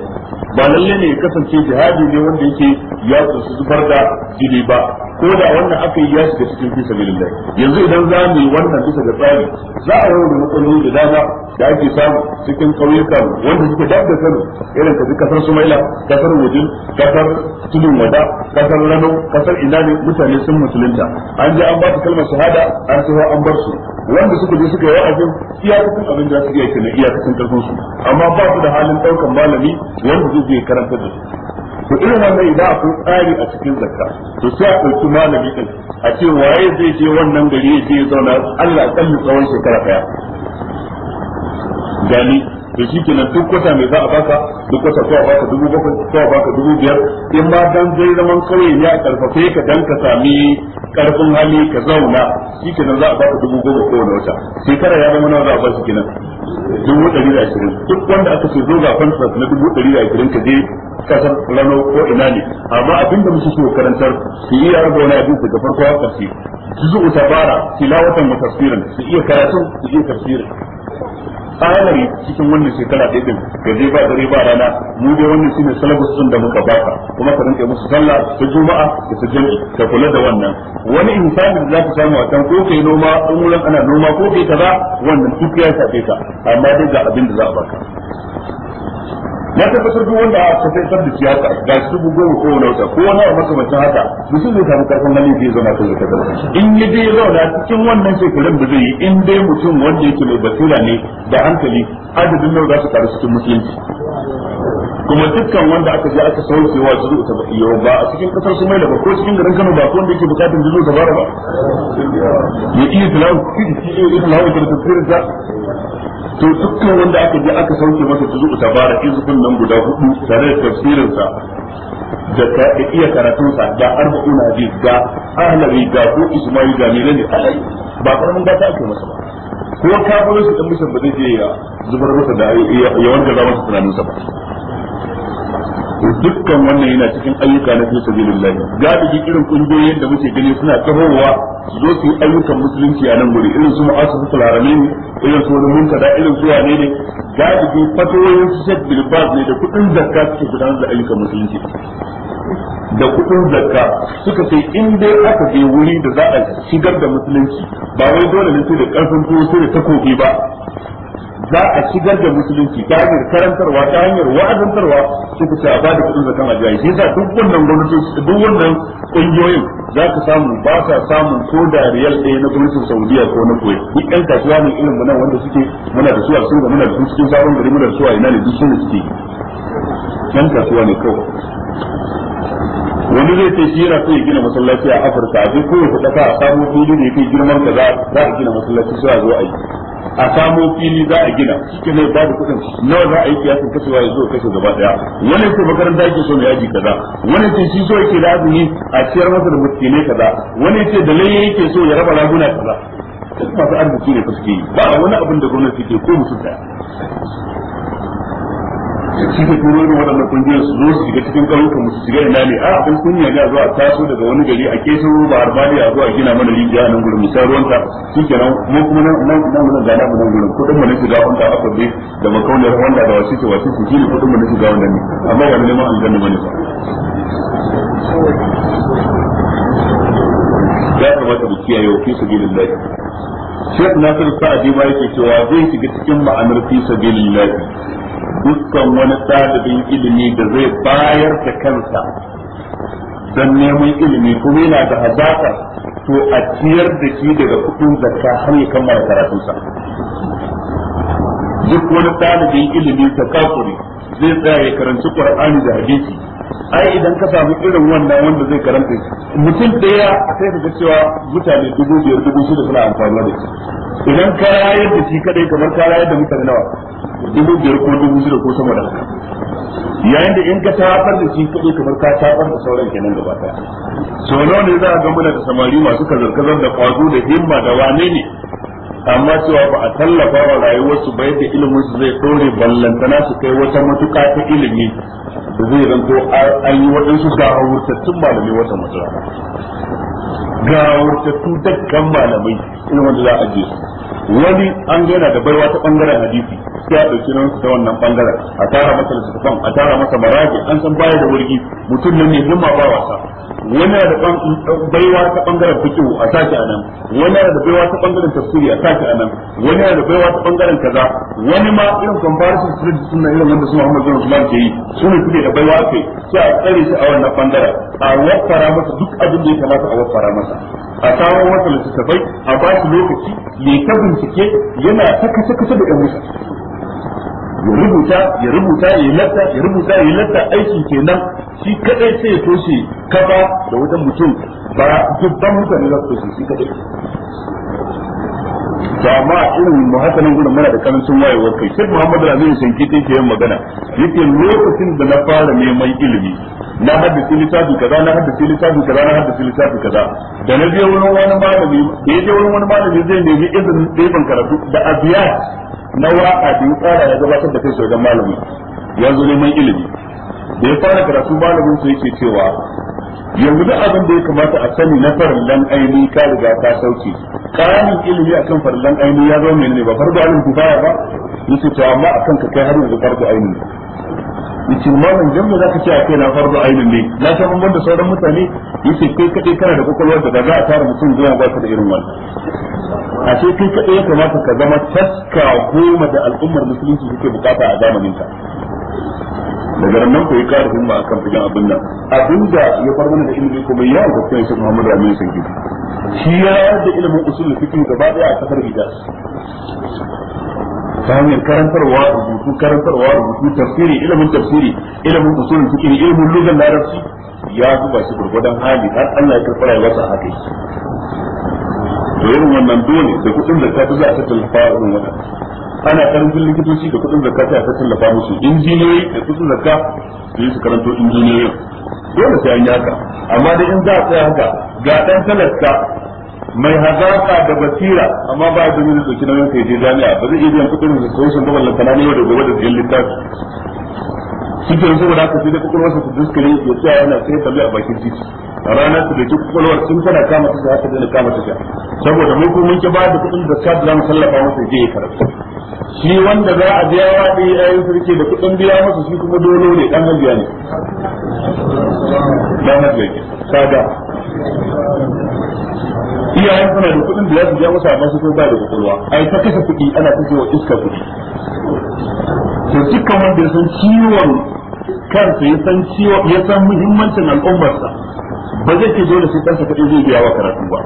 ba lalle ne kasance jihadi ne wanda yake ya kusa zubar da jini ba ko da wannan aka yi ya shiga cikin fi sabilillah yanzu idan za mu yi wannan bisa da tsari za a yau da matsaloli da dama da ake samu cikin ƙauyuka wanda suke da da kano irin ka kasar sumaila kasar wajin kasar tudun wada kasar rano kasar ina ne mutane sun musulunta an je an ba su kalmar shahada an taho an bar su wanda suka je suka yi wa'azin iyakacin abin da su iya kenan iyakacin karfin su amma ba su da halin ɗaukan malami wanda ubangiji ya karanta da su to irin wannan idan akwai tsari a cikin zakka to sai a ɗauki malami din a ce waye zai je wannan gari ya je zauna Allah kalli tsawon shekara daya gani to shi kenan duk wata mai za a baka duk wata ko a baka dubu bakwai ko a baka dubu biyar in ma dan zai zaman kawai ya karfafe ka dan ka sami karfin hali ka zauna shi kenan za a baka dubu goma ko wani wata shekara ya zama nawa za a ba shi kenan dubu ɗari da ashirin duk wanda aka ce zo ga fansas na dubu ɗari da ashirin ka je kasar rano ko ina ne amma abinda muke so karantar su iya raba wani abin daga farko a ƙarshe su zuwa tabara tilawatan wa tafsirin su iya karatu su iya tafsirin tsarin cikin wannan shekara ɗaya da ka je ba dare ba rana mu dai wannan shine salabus din da muka baka kuma ka rinka musu sallah ta juma'a da ta jami'i ka kula da wannan wani insani da zaka samu a kan ko kai noma in wurin ana noma ko kai kaza wannan duk ya shafe ka amma dai ga abin da za a baka na tabbatar duk wanda aka sai sabbi siyasa ga su dubu ko wani wata ko wani abu makamancin haka mutum zai samu karfin hali zai zama kan zaka gaba in yi dai zauna cikin wannan shekarun da zai yi in dai mutum wanda yake mai basira ne da hankali adadin nawa za su karu cikin musulunci kuma dukkan wanda aka je aka sauke wa juzu ta bakiyo ba a cikin kasar su mai ba ko cikin garin Kano ba ko wanda yake bukatun juzu ta bara ba ya iya tilawu ya iya tilawu da tafsirin sa to dukkan wanda aka je aka sauke masa juzu ta bara izukun nan guda hudu tare da tafsirin sa da ka iya karatun sa da arba'in hadis da ahlabi da ko ismail da menene ba karamin gata ake masa ba ko kafirin su dan mishan ba zai je ya zubar masa da ya wanda za masa tunanin sa ba to dukkan wannan yana cikin ayyuka na fi sabilillah galibi irin kungiyoyin da muke gani suna tahowa su zo su yi ayyukan musulunci a nan guri irin su mu'assasatul ne irin su muntada irin su wane ne galibi fatoyin su shek bilbas ne da kudin zakka suke gudanar da ayyukan musulunci da kudin zakka suka sai in dai aka je wuri da za a shigar da musulunci ba wai dole ne sai da karfin tuwo sai da takobi ba za a shigar da musulunci ta hanyar karantarwa ta hanyar wa'azantarwa su ku a da kudin zakan ajiya sai sa duk wannan gwamnati duk wannan kungiyoyin za ka samu ba sa samun ko da riyal ɗaya na gwamnatin Saudiya ko na Kuwait duk ɗan kasuwa ne irin mu nan wanda suke muna da suwa sun ga muna da su cikin sabon gari muna da suwa ina ne duk ne suke ɗan kasuwa ne kawai wani zai ce shi yana so ya gina masallaci a Afirka a duk kowace ƙasa a samu fili da kai girman ka za a gina masallaci sai a zo a yi a samo fili za a gina cikin ne babu kuɗin nawa za a yi kiyasin kashewa ya zo kashe gaba daya wani ce makaranta yake so mai yaji kaza wani ce shi so yake da azumi a ciyar masa da ne kaza wani ce da lalle yake so ya raba raguna kaza duk masu arziki ne suke yi ba wani abin da gwamnati ke ko musu daya shi ke turo da waɗannan kungiyar su zo su shiga cikin ƙauyukan mu su shiga ina ne a abin kunya ne a zuwa taso daga wani gari a keso ba arbaliya zuwa gina mana rijiya nan gurin mu sha ruwanta shikenan mu kuma nan nan nan mun ga nan gurin kudin mu ne shiga wanda aka bi da makaunar wanda da wasu ke wasu su shine kudin mu ne shiga wannan ne amma ba neman aljanna bane ba ya kamata mu kiyaye wa fi sabilillahi. Sheikh Nasir Sa'adi ba yake cewa zai shiga cikin ma'anar fi sabilillah dukkan wani ɗalibin ilimi da zai bayar da kansa don neman ilimi kuma yana da hazaka to a ciyar da shi daga kuɗin zakka har ya kammala karatunsa duk wani ɗalibin ilimi ta kafuri zai tsaya ya karanci ƙur'ani da hadisi ai idan ka samu irin wannan wanda zai karanta mutum daya kai ka cewa mutane dubu biyar dubu shida suna amfani da shi idan ka rayar da shi kadai kamar ka rayar da mutane nawa dubu biyar ko dubu shida ko sama da haka yayin da in ka tafar da shi kadai kamar ka tafar da sauran kenan gaba daya so nawa ne za a ga muna da samari masu kazar-kazar da kwazo da himma da wane ne amma cewa ba a tallafa wa rayuwarsu ba yadda ilimin su zai tsore ballantana su kai wata matuka ta ilimi da zai ko an yi waɗansu ga wurtattun malamai wata matsala ga wurtattu dakkan malamai ilimin da za a je wani an gana da baiwa ta ɓangaren hadisi sai a ɗauki nan ta wannan ɓangaren a tara masa littattafan a tara masa maraji an san baya da wurgi mutum nan ne himma ba wasa wani da baiwa ta bangaren fikihu a saki anan wani da baiwa ta bangaren tafsiri a saki anan wani da baiwa ta bangaren kaza wani ma irin comparison street suna irin wanda su Muhammad bin Usman ke yi su ne suke da baiwa kai sai a tsare shi a wannan bangaren a waffara masa duk abin da ya kamata a waffara masa a samu masa littattafai a ba su lokaci ya ta bincike yana ta kasa kasa da ɗan musa ya rubuta ya rubuta ya latta ya rubuta ya latta aiki kenan shi kadai sai ya toshe kafa da wajen mutum ba dubban mutane za su toshe shi kadai to amma irin mu haka nan muna da karancin wayewar kai sai Muhammadu Rabi'u Shankiti ke yin magana yake lokacin da na fara neman ilimi na haddace lissafi kaza na haddace lissafi kaza na haddace lissafi kaza da na je wurin wani malami da je wurin wani malami zai nemi izinin ɗaiban karatu da abiya na waka da ya tsara ya gabatar da kai wajen malami ya zo neman ilimi da ya fara karatu malamin su yake cewa yanzu da abin da ya kamata a sani na farin lan aini ka riga ka sauke karin ilimi akan farlan aini ya zama menene ba farko ainihin kifaya ba yace to amma akan ka kai har yanzu farko aini yace malam dan za zaka ce a kai na farko aini ne na san mun banda sauran mutane yace kai kadai kana da kokolwar da za a tara mutum zuwa ba ka da irin wannan a ce kai kadai ya kamata ka zama taska goma da al'ummar musulunci suke bukata a zamanin ka daga nan ku yi ƙara himma akan fitan abin nan abinda ya far mana da ilimi kuma ya ga kai Muhammadu Aminu Sangidu shi ya rawar da ilimin usulul fiqh gaba daya a kasar Hijaz ta hanyar karantarwa rubutu karantarwa rubutu tafsiri ilimin tafsiri ilimin usulul fiqh ilimin lugan larabci ya zuba shi gurgudan hali har Allah ya karɓa rayuwarsa haka to irin wannan dole da kuɗin zakka za a tattallafa irin wannan ana karancin likitoci da kuɗin zakka sai a tattallafa musu injiniyoyi da kuɗin zakka su yi su karanto injiniyoyin dole sai an yaka haka amma dai in za a tsaya haka ga dan talaka mai hazaka da basira amma ba da nuna dauki nauyin yanka je jami'a ba zai iya biyan kudin da sosai sun gaban lantana ne da gobe da jiyan littafi shi ke da haka sai da kwakwalwarsa ta duskare ya tsaya yana sai kalli a bakin titi a rana su da duk kwakwalwar sun tana kama ta haka da kama ta sha saboda mai kuma ke ba da kuɗin da sa da mu sallafa masa je ya karatu shi wanda za a biya wa ya yayin sarki da kuɗin biya masa shi kuma dole ne dan hajiya ne dan hajiya sada iyayen suna da kudin da za su biya masa amma su ko ba da kwakwalwa ai ta kashe kuɗi ana kashe wa iska kuɗi to dukkan wanda ya san ciwon kansa ya san ciwon ya san muhimmancin al'ummarsa ba zai ce dole sai kansa kaɗai zai biya wa karatu ba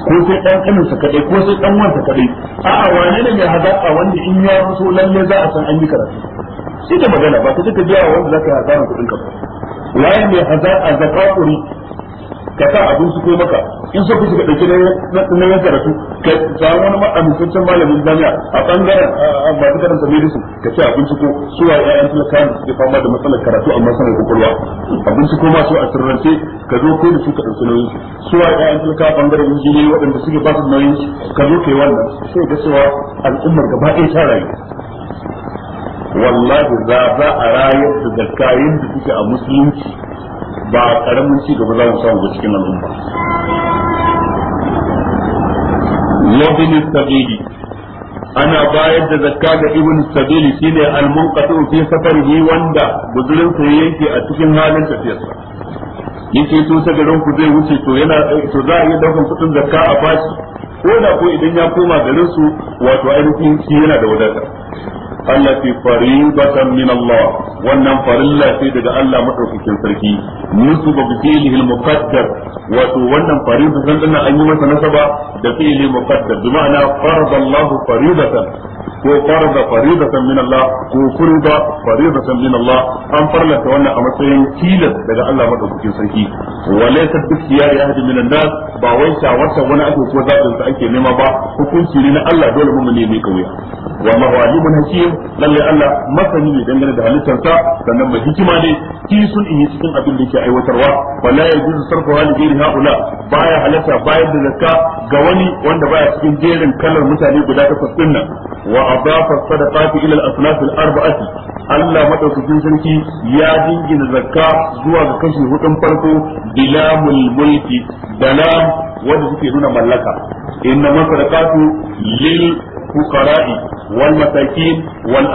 ko sai ɗan kaninsa kaɗai, ko sai ɗan wansa kaɗai, a'a wane ne mai hadaka wanda in ya so lalle za a san an yi karatu shi da magana ba ka duka biya wa wanda za ka yi hasaran kuɗin ka ba waye mai hazaka zakaturi ka sa abin su ko maka in so kuka dauki na yan karatu ka samu wani amintaccen malamin jami'a a bangaren masu karanta medicine ka ce abin su ko suwa 'ya'yan talakawa da suke fama da matsalar karatu amma sanar kwakwalwa abin su ko masu a sirrance ka zo ko da su ka ɗauki nauyin suwa ƴaƴan talakawa bangaren injiniyoyi waɗanda suke ba su nauyin ka zo kai wannan sai ga cewa al'ummar gaba ɗaya ta rayu wallahi za a rayar da zakkayin da suke a musulunci ba karamin ci gaba za mu samu cikin al'umma wabin sabili ana bayar da zakka ga ibn sabili shine al-munqatu fi safarihi wanda guzurin sa yake a cikin halin tafiyarsa yake to sa garin ku zai wuce to yana to za a yi daukan kudin zakka a bashi ko da ko idan ya koma garinsu wato ainihin shi yana da wadata allati faribatan min Allah wannan farilla ce daga Allah madaukakin sarki musu ba fi'lihi al-muqaddar wato wannan faribatan din an yi masa nasaba da fi'li muqaddar bi ma'ana farada Allah faribatan ko farza faridatan min Allah ko kurba faridatan min Allah an farlata wannan a matsayin tilas daga Allah madaukakin sarki wa laysa bikiyari ahadin min nas ba wai shawarta wani ake ko zabin sa ake nema ba hukunci ne na Allah dole mu ne mai kauya wa ma walibun hakim lalle Allah masani ne dangane da halittar sa sannan mai hikima ne ki sun yi cikin abin da yake aiwatarwa wala yajuzu sarfu hali ghairi haula baya halatta bayar da zakka ga wani wanda baya cikin jerin kalar mutane guda takwas din nan wa adafa sadaqati ila al-asnaf al-arba'ati Allah madaukakin sarki ya dingina zakka zuwa ga kashi huɗun farko bilamul mulki dalam wanda suke nuna mallaka inna masadaqatu lil fuqara'i wal masakin wal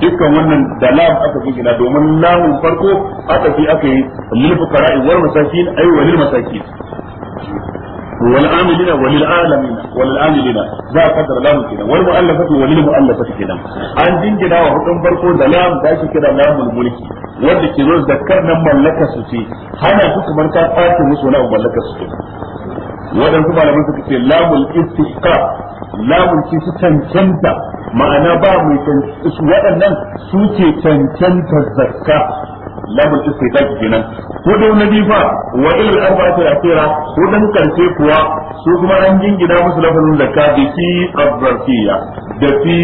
dukkan wannan dalam aka gina domin lamun farko aka fi aka yi lil fuqara'i wal masakin ay wal masakin wal amilina walil alamina walil amilina za a kaddara lamun kenan wal mu'allafati walil mu'allafati kenan an jingina wa hudun farko da lam da ake kira lamul mulki wanda ke zo zakkar nan mallakar su ce hana su kamar ta kwace musu wani abu mallakar waɗansu malaman suka ce lamul istihqa lamun cancanta ma'ana ba mai su cancanta zakka lamul istiqaq kenan hudu na bifa wa ilal arba'atu akhira hudun karshe kuwa su kuma an jingina musu lafazin zakka bi fi azzarfiyya da fi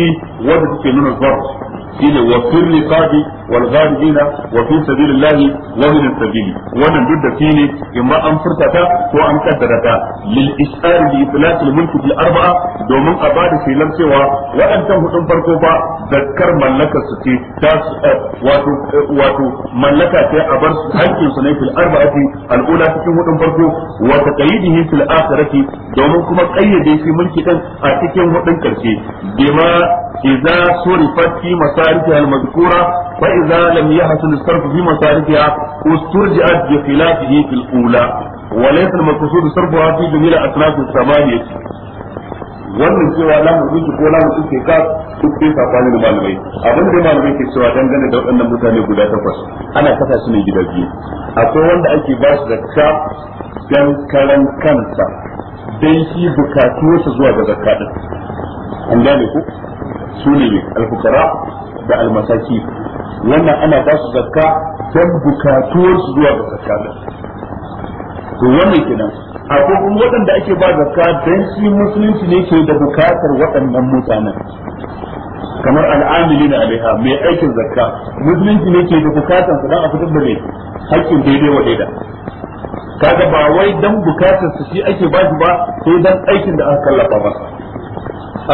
wadda take nuna zarf shine wa fil wal gharidina wa fi sabilillahi wa wannan duk da fili imma an furta ko an kaddara ta lil isar li iflat al arba'a domin a bada filan cewa waɗancan hudun farko fa zakkar mallakar su ce ta eh, eh, wato mallaka ce a bar su na su ne fil arba'ati al ula cikin hudun farko wa taqayidihi fil akhirati domin kuma kayyade shi mulki din a cikin hudun karshe bima idza surifat fi masarifi al mazkura fa idza lam yahsul sarf fi masarifiha usturja'at bi khilafihi fil ula wa laysa al maqsud sarfuha wannan cewa lamu zuci ko lamu suke ka duk sai sabanin malamai abin da malamai ke cewa dangane da waɗannan mutane guda takwas ana kasa su ne gida biyu akwai wanda ake ba su zakka dan karan kansa dan shi bukatuwarsa zuwa ga zakka din an gane ku su ne alfukara da almasaki wannan ana ba su zakka don bukatuwar su zuwa ga zakka to wannan kenan a kuma waɗanda ake ba zakka don shi musulunci ne ke da bukatar waɗannan mutanen kamar al'amili na alaiha mai aikin zakka musulunci ne ke da bukatar su don a fitar da mai haƙƙin daidai wa daida kaga ba wai don bukatar su shi ake ba shi ba sai dan aikin da aka kallafa ba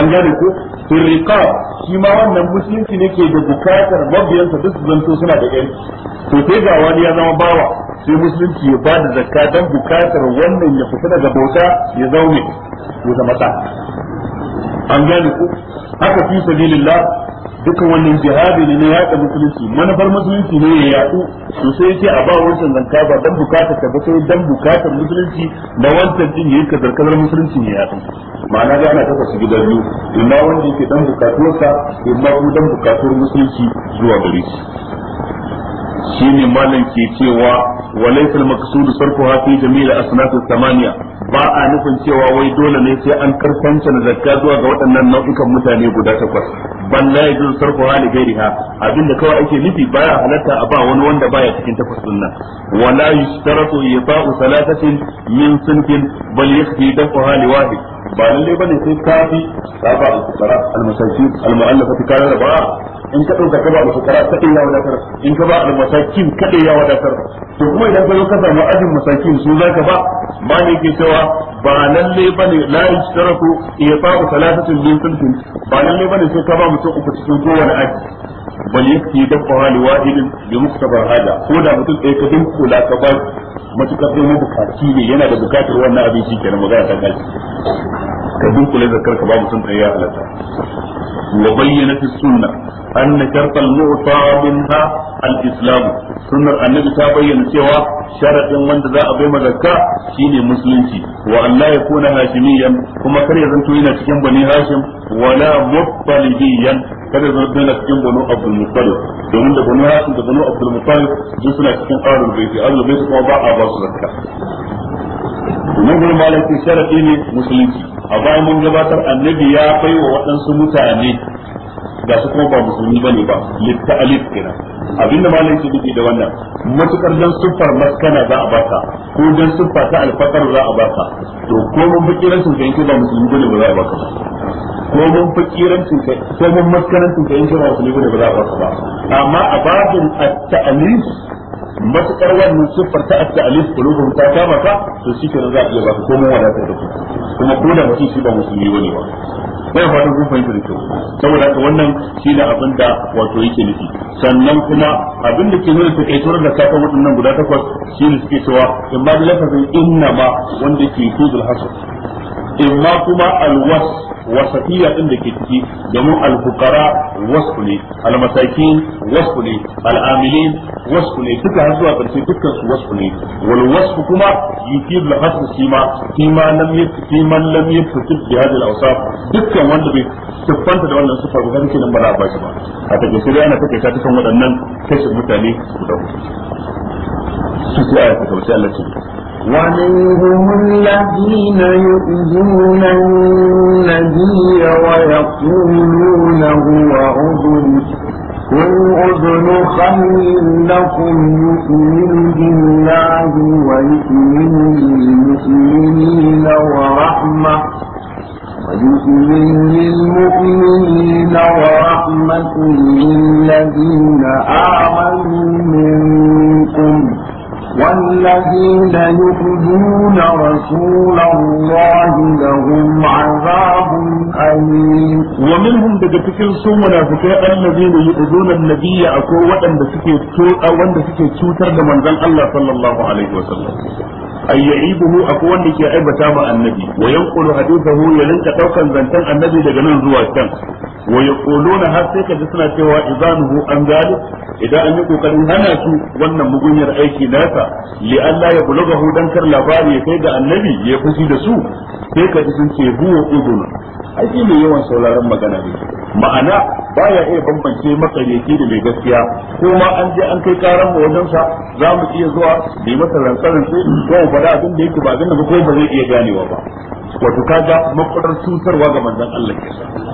an gane ko firriqab shi ma wannan musulunci ne ke da bukatar mabiyansa duk zanto suna da yanci to sai ga wani ya zama bawa sai musulunci ya bada zakka don bukatar wannan ya fita daga bauta ya zaune ya zama ta an gane ku haka fi sabilillah Dukkan wannan jihadi ne na yaɗa musulunci manufar musulunci ne ya yaɗu to sai yake a ba wancan zanka ba dan bukatar ta sai dan bukatar musulunci da wancan din yayi ka kazar musulunci ne ya yaɗu ma'ana ga ana kafa su gidan biyu imma wanda yake dan bukatuwarsa imma kuma dan bukatuwar musulunci zuwa gare shine malam ke cewa wa laysa al-maqsud sarfuha fi jami'i asnaf ba a nufin cewa wai dole ne sai an karfanta na zuwa ga waɗannan nau'ikan mutane guda takwas ban la yajuz sarfuha li ghayriha abinda kawai ake nufi baya halatta a ba wani wanda baya cikin takwas din nan wa ya yushtaratu yata'u thalathatin min sinfin bal yakfi dafuha li wahid ba lalle bane sai kafi saba al-fuqara al-masakin al-mu'allafati kana da ba in ka dauka ka ba al-fuqara kadai ya wadatar in ka ba al-masakin kadai ya wadatar to kuma idan ka zo ka samu ajin masakin su zaka ba ma ne ke cewa ba lalle bane la yashtaraku ifa'u salatatin min sulhin ba lalle bane sai ka ba mutum uku cikin kowane aji bal yakfi dabba li wahidin bi muktabar hada ko da mutum ɗaya ka dinkula ka ba matukar dai mabukaci ne yana da bukatar wannan abin shi kenan magana ta gaci ka dunkule zakar ka babu sun tsaye ya halatta wa bayyana fi sunna anna shartal mu'ta minha al-islam sunnar annabi ta bayyana cewa sharadin wanda za a bai ma zakka shine musulunci wa Allah ya kuna hashimiyan kuma kar ya zanto yana cikin bani hashim wala muttalibiyan kada zan tana cikin banu abdul muttalib domin da banu hashim da banu abdul muttalib duk suna cikin ahlul baiti allah bai kuma ba a ba su zakka nan malaki sharadi ne musulunci a bayan mun gabatar annabi ya baiwa waɗansu mutane ga su kuma ba musulmi bane ba litta'alif kenan abinda malam ce da wannan matukar dan sufar maskana za a baka ko dan sufa ta alfakar za a baka to ko mun fikiran sun kai ba musulmi bane ba za a baka ba ko mun fikiran sun kai ko mun maskanan sun kai ba musulmi bane ba za a baka ba amma a babin at talif matukar wannan siffar ta atta alif qulubuhum ta kama ka to shi ke za a iya ba su komai wadatar da ku? kuma ko da mutum shi ba musulmi bane ba ina fatan kun fahimta da kyau saboda haka wannan shi ne abin da wato yake nufi sannan kuma abin da ke nuna ta kai turar da kafin waɗannan guda takwas shi ne suke cewa in ma da lafazin inna ma wanda ke tuzul hasar imma kuma alwas wasatiyya din da ke ciki domin alfuqara wasfu ne almasakin wasfu ne al'amilin wasfu ne duka har zuwa karshe dukkan su wasfu ne wal wasfu kuma yufidu al-hasb sima sima lam yafti man lam yafti bi hadhihi dukkan wanda bai siffanta da wannan sifar ba kake nan ba za a ba a take sai ana take ta cikin mutane guda hudu su ta ومنهم الذين يؤذون النبي ويقولون هو أذن قل أذن خير لكم يؤمن بالله ويؤمن للمسلمين ورحمة ويؤمن للمؤمنين ورحمة للذين آمنوا منكم والذين يؤذون رسول الله لهم عذاب أليم ومنهم دقتكين سو منافقين الذين يؤذون النبي أكو وأن دسكي توتر لمن الله صلى الله عليه وسلم ay ya'ibuhu akwai wanda ke aibata ma annabi wa yanqulu hadithahu ya rinka daukan zantan annabi daga nan zuwa can wa yaquluna na sai kaji suna cewa hu an zalik idan an yi kokarin hana shi wannan mugunyar aiki nasa li Allah ya bulughahu dan kar labari ya kai ga annabi ya fushi da su sai ka sun ce huwa udun aiki mai yawan sauraron magana ne ma'ana baya iya bambance makaryaci da mai gaskiya ko ma an je an kai karan mu wajen sa za mu iya zuwa bi masa rantsaran faɗa abin da yake ba abin da ba ko ba zai iya ganewa ba wato kaga makwarar cutarwa ga manzon Allah ke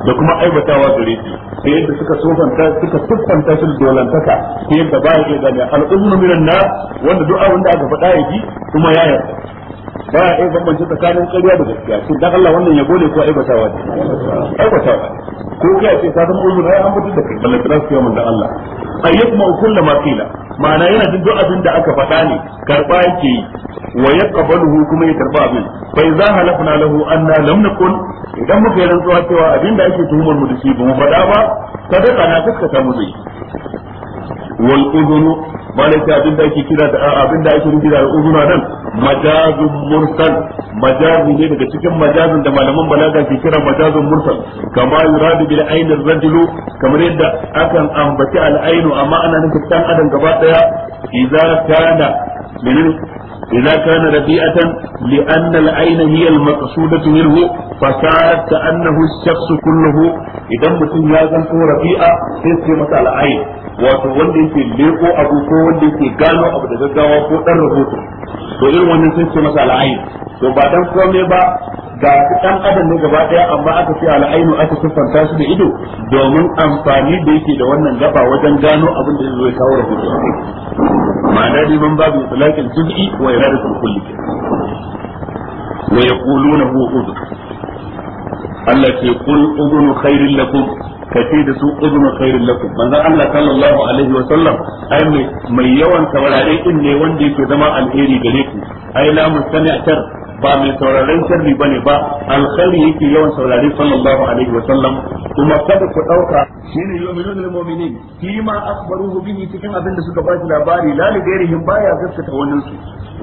da kuma aibatawa gare shi da yadda suka sofanta suka tuffanta shi dolantaka ta yadda ba ya iya gane al'umma minan na wanda du'a wanda aka faɗa ya ji kuma ya yarda ba a iya bambance tsakanin ƙarya da gaskiya shin dan Allah wannan ya gole ko aibatawa ne aibatawa ko ya ce ka zama uzur ai an mutu da kai balle kira su yawan da Allah ayyukma kullu ma qila ma'ana yana jin duk abin da aka faɗa ne karba yake yi wa yaqbaluhu kuma ya karba abin fa idza halafna lahu anna lam nakun idan muka yi rantsuwa cewa abin da ake tuhumar mu da shi ba mu faɗa ba sadaka na fuskata mu zai wal bare malaka abin da ake kira da abin da ake nufi da uzuna nan majazun mursal majazun ne daga cikin majazun da malaman balaga ke kira majazun mursal kama yuradu bil ainir rajulu kamar yadda akan ambaci al ainu amma ana nufin dan adam gaba daya idza kana menene idza kana rabi'atan li anna al-ayn hiya al-maqsudatu minhu fa annahu ash-shakhs kulluhu idan mutum ya zanto rabi'a sai sai masa la'a'i wato wanda yake leko abu ko wanda yake gano abu da gaggawa ko ɗan rahoto to irin wannan sai ce masa al'ain to ba dan kome ba ga dan adam ne gaba daya amma aka ce al'ainu aka siffanta su da ido domin amfani da yake da wannan gaba wajen gano abin da zai kawo rahoto ma'ana dai man babu itlaqil juz'i wa iradatul kulli wa yaquluna huwa udh Allah ce kul udhun khairil lakum kace da su uzma khairul lakum manzon Allah sallallahu alaihi wa sallam ai mai mai yawan saurare din ne wanda yake zama alheri gare ku ai la mustami'tar ba mai sauraren sharri bane ba alkhairi yake yawan saurare sallallahu alaihi wa sallam kuma kada ku dauka shine yu'minun lil mu'minin kima akhbaruhu bihi cikin abin da suka ba labari la li ghairihim baya gaskata wannan su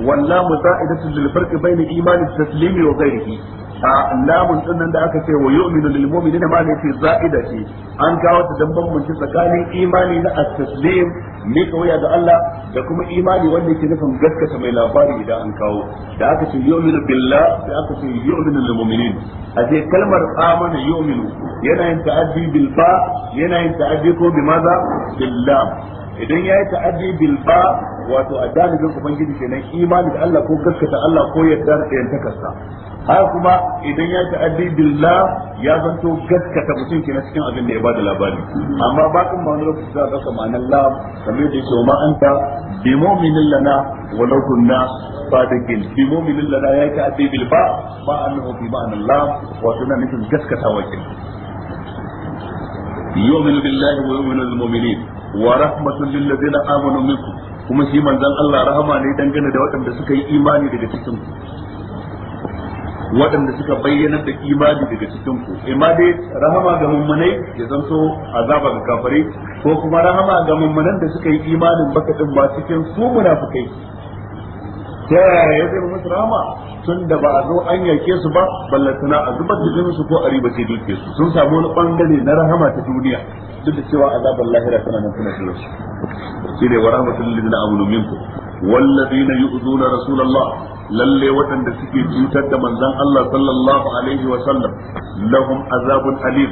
wallahu za'idatu lil farqi bayna imani taslimi wa ghairihi a lamun din da aka ce wa yu'minu lil mu'minina ma ne fi za'ida ce an kawo ta dan bambanci tsakanin imani na at-taslim ne kawai ga Allah da kuma imani wanda yake nufin gaskata mai labari idan an kawo da aka ce yu'minu billah da aka ce yu'minu lil mu'minin a ce kalmar amana yu'minu yana yin ta'addi bil ba yana yin ta'addi ko bi maza billah idan yayi ta'addi bil ba wato a dalibin ubangiji kenan imani da Allah ko gaskata Allah ko yadda da yantakarsa har kuma idan ya ta'addi billah ya zanto gaskata mutum ke na cikin abin da ya bada labari amma bakin ma wani kusa za ka ga ma'anar la kamar yadda yake ma anta bi mu'minin lana wa law kunna sadiqin bi mu'minin lana ya ta'addi bil ba ma annahu bi ma'anar la wa tuna nufin gaskata wake yu'minu billahi wa yu'minu lil mu'minin wa rahmatun lil ladina amanu minkum kuma shi manzon Allah rahama ne dangane da waɗanda suka yi imani daga cikin ku waɗanda suka bayyana da imani daga cikin ku imma eh, rahama ga mummunai ya zanto azaba ga kafare ko kuma rahama ga mummunan da suka yi imanin baka din ba cikin su munafikai ta yaya ya zai musu rahama tun da ba a zo an yake su ba ballatana a zubar da jininsu ko a riba ce duke su sun samu wani bangare na rahama ta duniya duk da cewa azabar lahira tana nan tana shi ne wa rahmatul lil والذين يؤذون رسول الله lallai waɗanda suke cutar da manzon Allah sallallahu alaihi wa sallam lahum azabun alim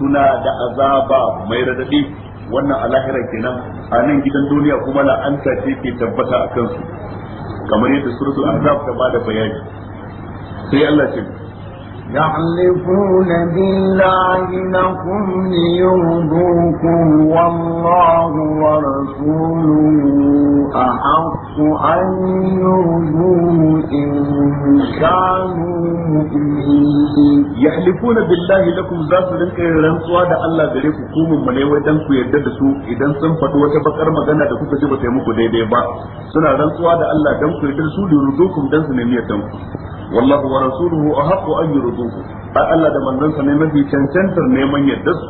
suna da azaba mai radadi wannan a lahira kenan a nan gidan duniya kuma la'anta ce ke tabbata a kansu kamar yadda suratul ahzab ta bada bayani sai Allah ce يحلفون بالله لكم ليرضوكم والله ورسوله أحق أن يرضوه إن كانوا مؤمنين يحلفون بالله لكم ذات ذلك رنسوا دا الله ذلك كوم من يودن كو يدد سو إذن سنفت وتبقر مغانا دا كوكا جبت يمكو دي دي با سنة رنسوا دا الله دنكو يدد سو ليرضوكم دنس نمية دنكو والله ورسوله أحق أن يرضوه su ai Allah da manzansa ne mafi cancantar neman yadda su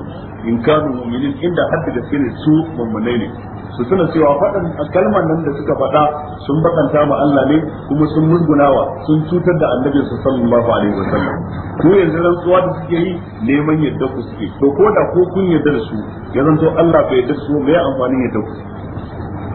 in kanu mu'minin inda har da gaske ne su mummunai ne su suna cewa faɗin kalmar nan da suka faɗa sun bakanta ma Allah ne kuma sun mungunawa, sun cutar da annabi su sallallahu alaihi wasallam ko yanzu rantsuwa da suke yi neman yadda ku suke to ko da ko kun yarda da su ya zanto Allah bai yadda su mai amfanin yardar ku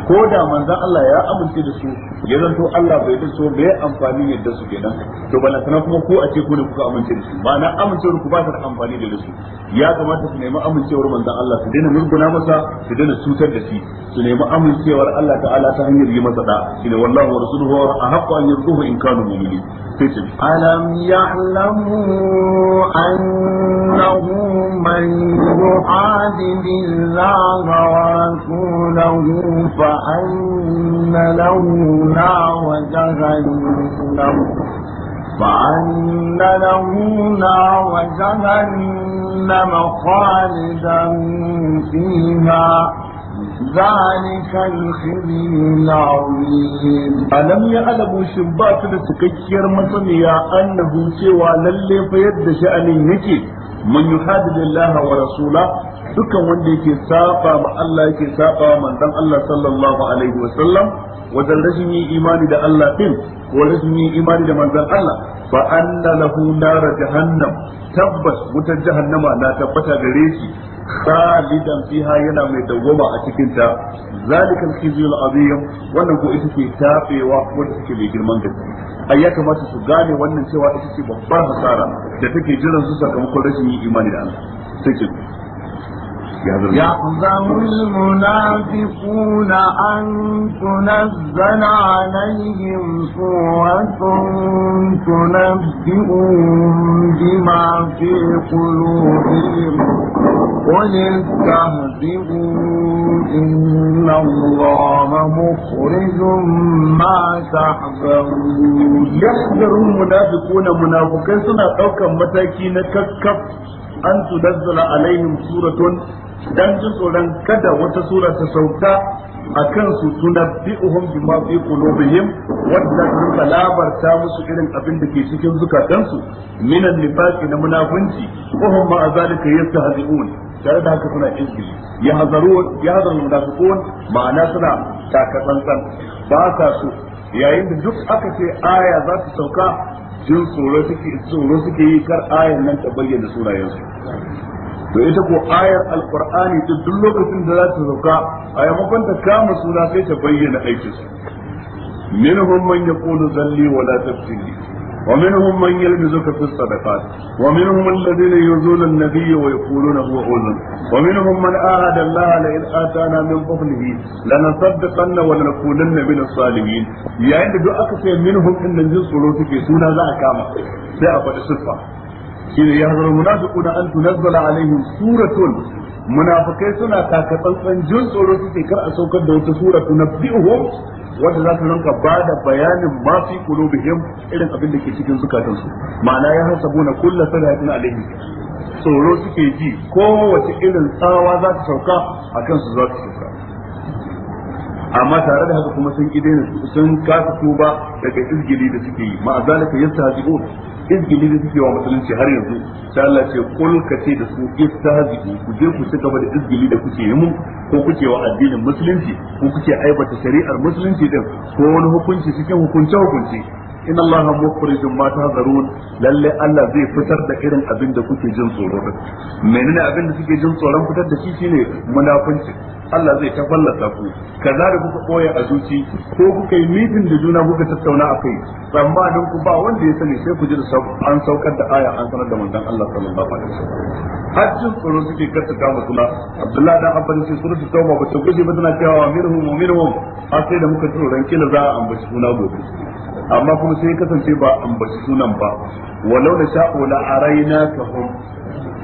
ko da manzan Allah ya amince da su ya zanto Allah bai da su bai amfani yadda su kenan to balantana kuma ko a ce ko ne kuka amince da su ma'ana amincewar ku ba ta da amfani da su ya kamata su nemi amincewar manzan Allah su daina murguna masa su daina cutar da shi su nemi amincewar Allah ta'ala ta hanyar yi masa da shine wallahu wa rasuluhu wa ahqqu an yurduhu in kanu mu'minin sai ce alam ya'lamu annahu man yuhadidu Allah wa فأن له نار جهنم فأن له نار جهنم خالدا فيها ذلك الخزي العظيم ألم يعلم شباك لسكيكير مصنيا أنه سوى للي فيد شأن يكي من يحادد الله ورسوله dukkan wanda yake saba ma Allah yake saba manzon Allah sallallahu alaihi wasallam wajen rashin yin imani da Allah din ko rashin yin imani da manzon Allah fa anna lahu nar jahannam tabbas wutar jahannama na tabbata gare shi khalidan fiha yana mai dawwama a cikin ta zalika al-khizyul azim wannan ko ita ce tafewa wanda take mai girman gaske ai ya kamata su gane wannan cewa ita ce babbar hasara da take jiran su sakamakon rashin yin imani da Allah sai يحزن المنافقون أن تنزل عليهم سورة تنبئهم بما في قلوبهم قل استهزئوا إن الله مخرج ما تحذرون يحذر المنافقون منافقين سنة أو كم متاكين ككف أن تنزل عليهم سورة dan ji tsoron kada wata sura ta sauka a kan kansu tunabbi'uhum bima fi qulubihim wadda sun ta musu irin abin da ke cikin zukatansu minan nifaqi na munafunci wa hum ma zalika yastahzi'un tare da haka suna izgi ya hazaru ya hazarun munafiqun ma'ana suna takatsantsan ba sa su yayin da duk aka ce aya za ta sauka jin tsoro suke tsoro suke yi kar ayan nan ta bayyana sunayensu to ita ko ayar alqur'ani ta duk lokacin da za ta zuka a yamakon ta kama suna sai ta bayyana aikin su minhum man yaqulu zalli wa la tafsili wa minhum man ka fis sadaqat wa minhum alladhina yuzuna an-nabiyya wa yaquluna huwa ulun wa minhum man ahada Allah la in atana min fadlihi lanasaddaqanna wa lanakunanna min as-salihin yayin da duk aka ce minhum din nan jin tsoro take suna za a kama sai a faɗi siffa shine ya hazarul munafiquna an tunazzala alaihim suratun munafikai suna tsantsan jin tsoro suke kar a saukar da wata sura tunabbi'uhum wanda za ta rinka ba da bayanin ma fi qulubihim irin abin da ke cikin zukatansu ma'ana ya hasabuna kullu sadatin alaihim tsoro suke ji kowace irin tsawa za ta sauka akan su za ta sauka amma tare da haka kuma sun ki daina sun kasa tuba daga izgili da suke yi ma zalika yastahzi'un izgili da suke wa musulunci har yanzu sai Allah ce kul kace da su istahzi'u ku je ku gaba da izgili da kuke yi mun ko kuke wa addinin musulunci ko kuke aibata shari'ar musulunci din ko wani hukunci cikin hukunce hukunci in Allah mukhrijum ma tahzarun lalle Allah zai fitar da irin abin da kuke jin tsoro da menene abin da suke jin tsoron fitar da shi shine munafunci Allah zai ta fallasa ku kaza da kuka koya a zuci ko kuka yi mitin da juna kuka tattauna a kai tsammanin ku ba wanda ya sani sai ku ji da an saukar da aya an sanar da manzon Allah sallallahu alaihi wasallam har tsoro suke karta kama suna Abdullah dan Abban sai suratu tauba ba ta guje ba tana cewa minhum minhum a sai da muka tsoro ran da za a ambaci suna gobe amma kuma sai kasance ba ambaci sunan ba walau da sha'u la araina kahum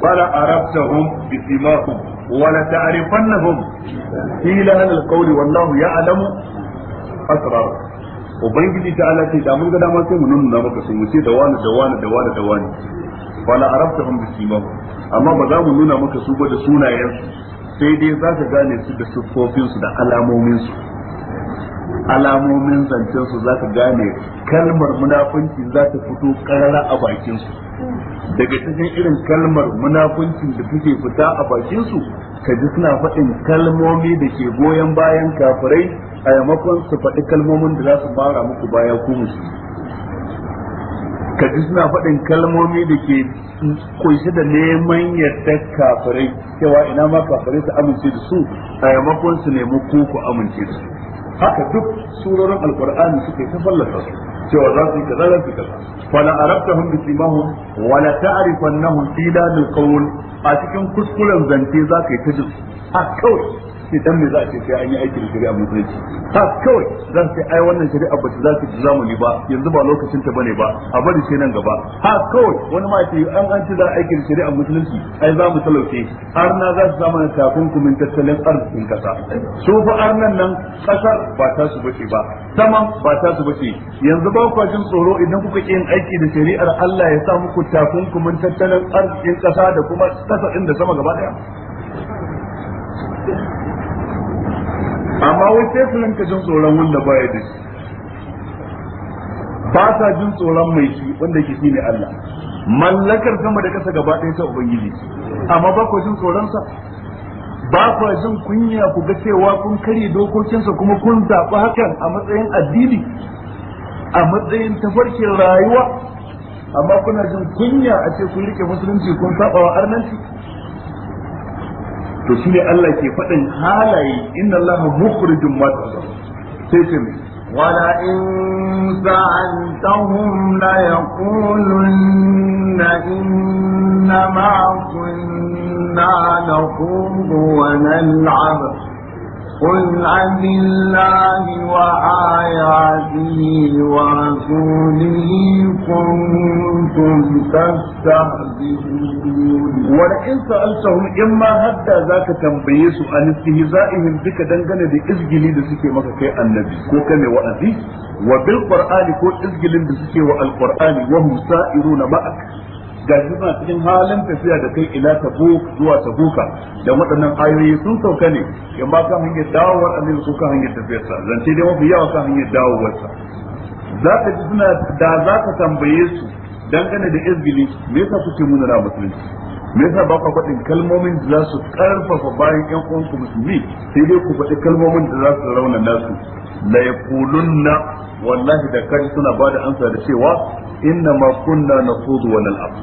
fala arabtahum bi simahum wala ta'rifannahum ila al qawli wallahu ya'lamu asrar ubangiji ta ala ce da mun ga dama sai mu nuna maka sun wuce da wani da wani da wani da wani fala arabtahum bi simahum amma ba za mu nuna maka su ba da sunayensu sai dai za ka gane su da siffofinsu da alamominsu alamomin zancen su zaka gane kalmar munafunci za ta fito karara a bakin su daga cikin irin kalmar munafuncin da suke fita a bakin su ka ji suna faɗin kalmomi da ke goyon bayan kafirai a yamakon su faɗi kalmomin da za su fara muku baya ku musu ka ji suna faɗin kalmomi da ke kunshi da neman yadda kafirai cewa ina ma kafirai su amince da su a yamakon su nemi ku ku amince da su haka duk surorin alkur'ani suke ta fallasa su cewa za su yi kaza za su yi kaza fala arabtahum bi simahum wa la ta'rifannahum fi dalil qawl a cikin kuskuren zance za ka yi ta jin a kawai sai dan me za a ce sai an yi aikin da shari'a musulunci ha kawai za su ce ai wannan shari'a ba za ta zamani ba yanzu ba lokacin ta bane ba a bari sai nan gaba ha kawai wani ma ce an an ci za aikin da shari'a musulunci ai za mu talauke arna za su zama takunkumin tattalin arzikin kasa su fa arnan nan kasar ba ta su bace ba saman ba ta su bace yanzu ba ku jin tsoro idan kuka yin aiki da shari'ar Allah ya sa muku takunkumin tattalin arzikin kasa da kuma kasa din da sama gaba daya amma wai sai su jin tsoron wanda ba ya dace, shi ba sa jin tsoron mai shi wanda ke shi ne Allah mallakar sama da kasa gaba ɗaya ta ubangiji amma ba ku jin tsoron sa ba ku jin kunya ku ga cewa kun karye dokokinsa kuma kun zaɓi hakan a matsayin addini a matsayin tafarkin rayuwa amma kuna jin kunya a ce kun rike musulunci kun saba wa arnanci to shine Allah ke faɗin halaye inna Allah mukhrijum ma sai ce mai wala in sa'antahum la yaqulunna inna ma kunna naqudu wa nal'abu قل عن الله وآياته ورسوله كنتم تستهزئون ولئن سألتهم إما هدى ذاك تنبيس عن استهزائهم بك دنجن بإزجلي لسكي مكة النبي كوكا وأذي وبالقرآن كو إزجل لسكي والقرآن وهم سائرون معك ga shi suna cikin halin tafiya da kai ila tabuk zuwa buka da waɗannan ayoyi sun sauka ne in ba kan hanyar dawowar annabi ko kan hanyar tafiyarsa zance dai mafi yawa kan hanyar dawowarsa za ka ji suna da za ka tambaye su dangane da izgili me yasa kuke muna da musulunci me yasa ba ku faɗin kalmomin da za su karfafa bayan ƴan uwanku musulmi sai dai ku faɗi kalmomin da za su rauna nasu la yaqulunna wallahi da kai suna bada amsa da cewa inna ma kunna naqudu wa nal'ab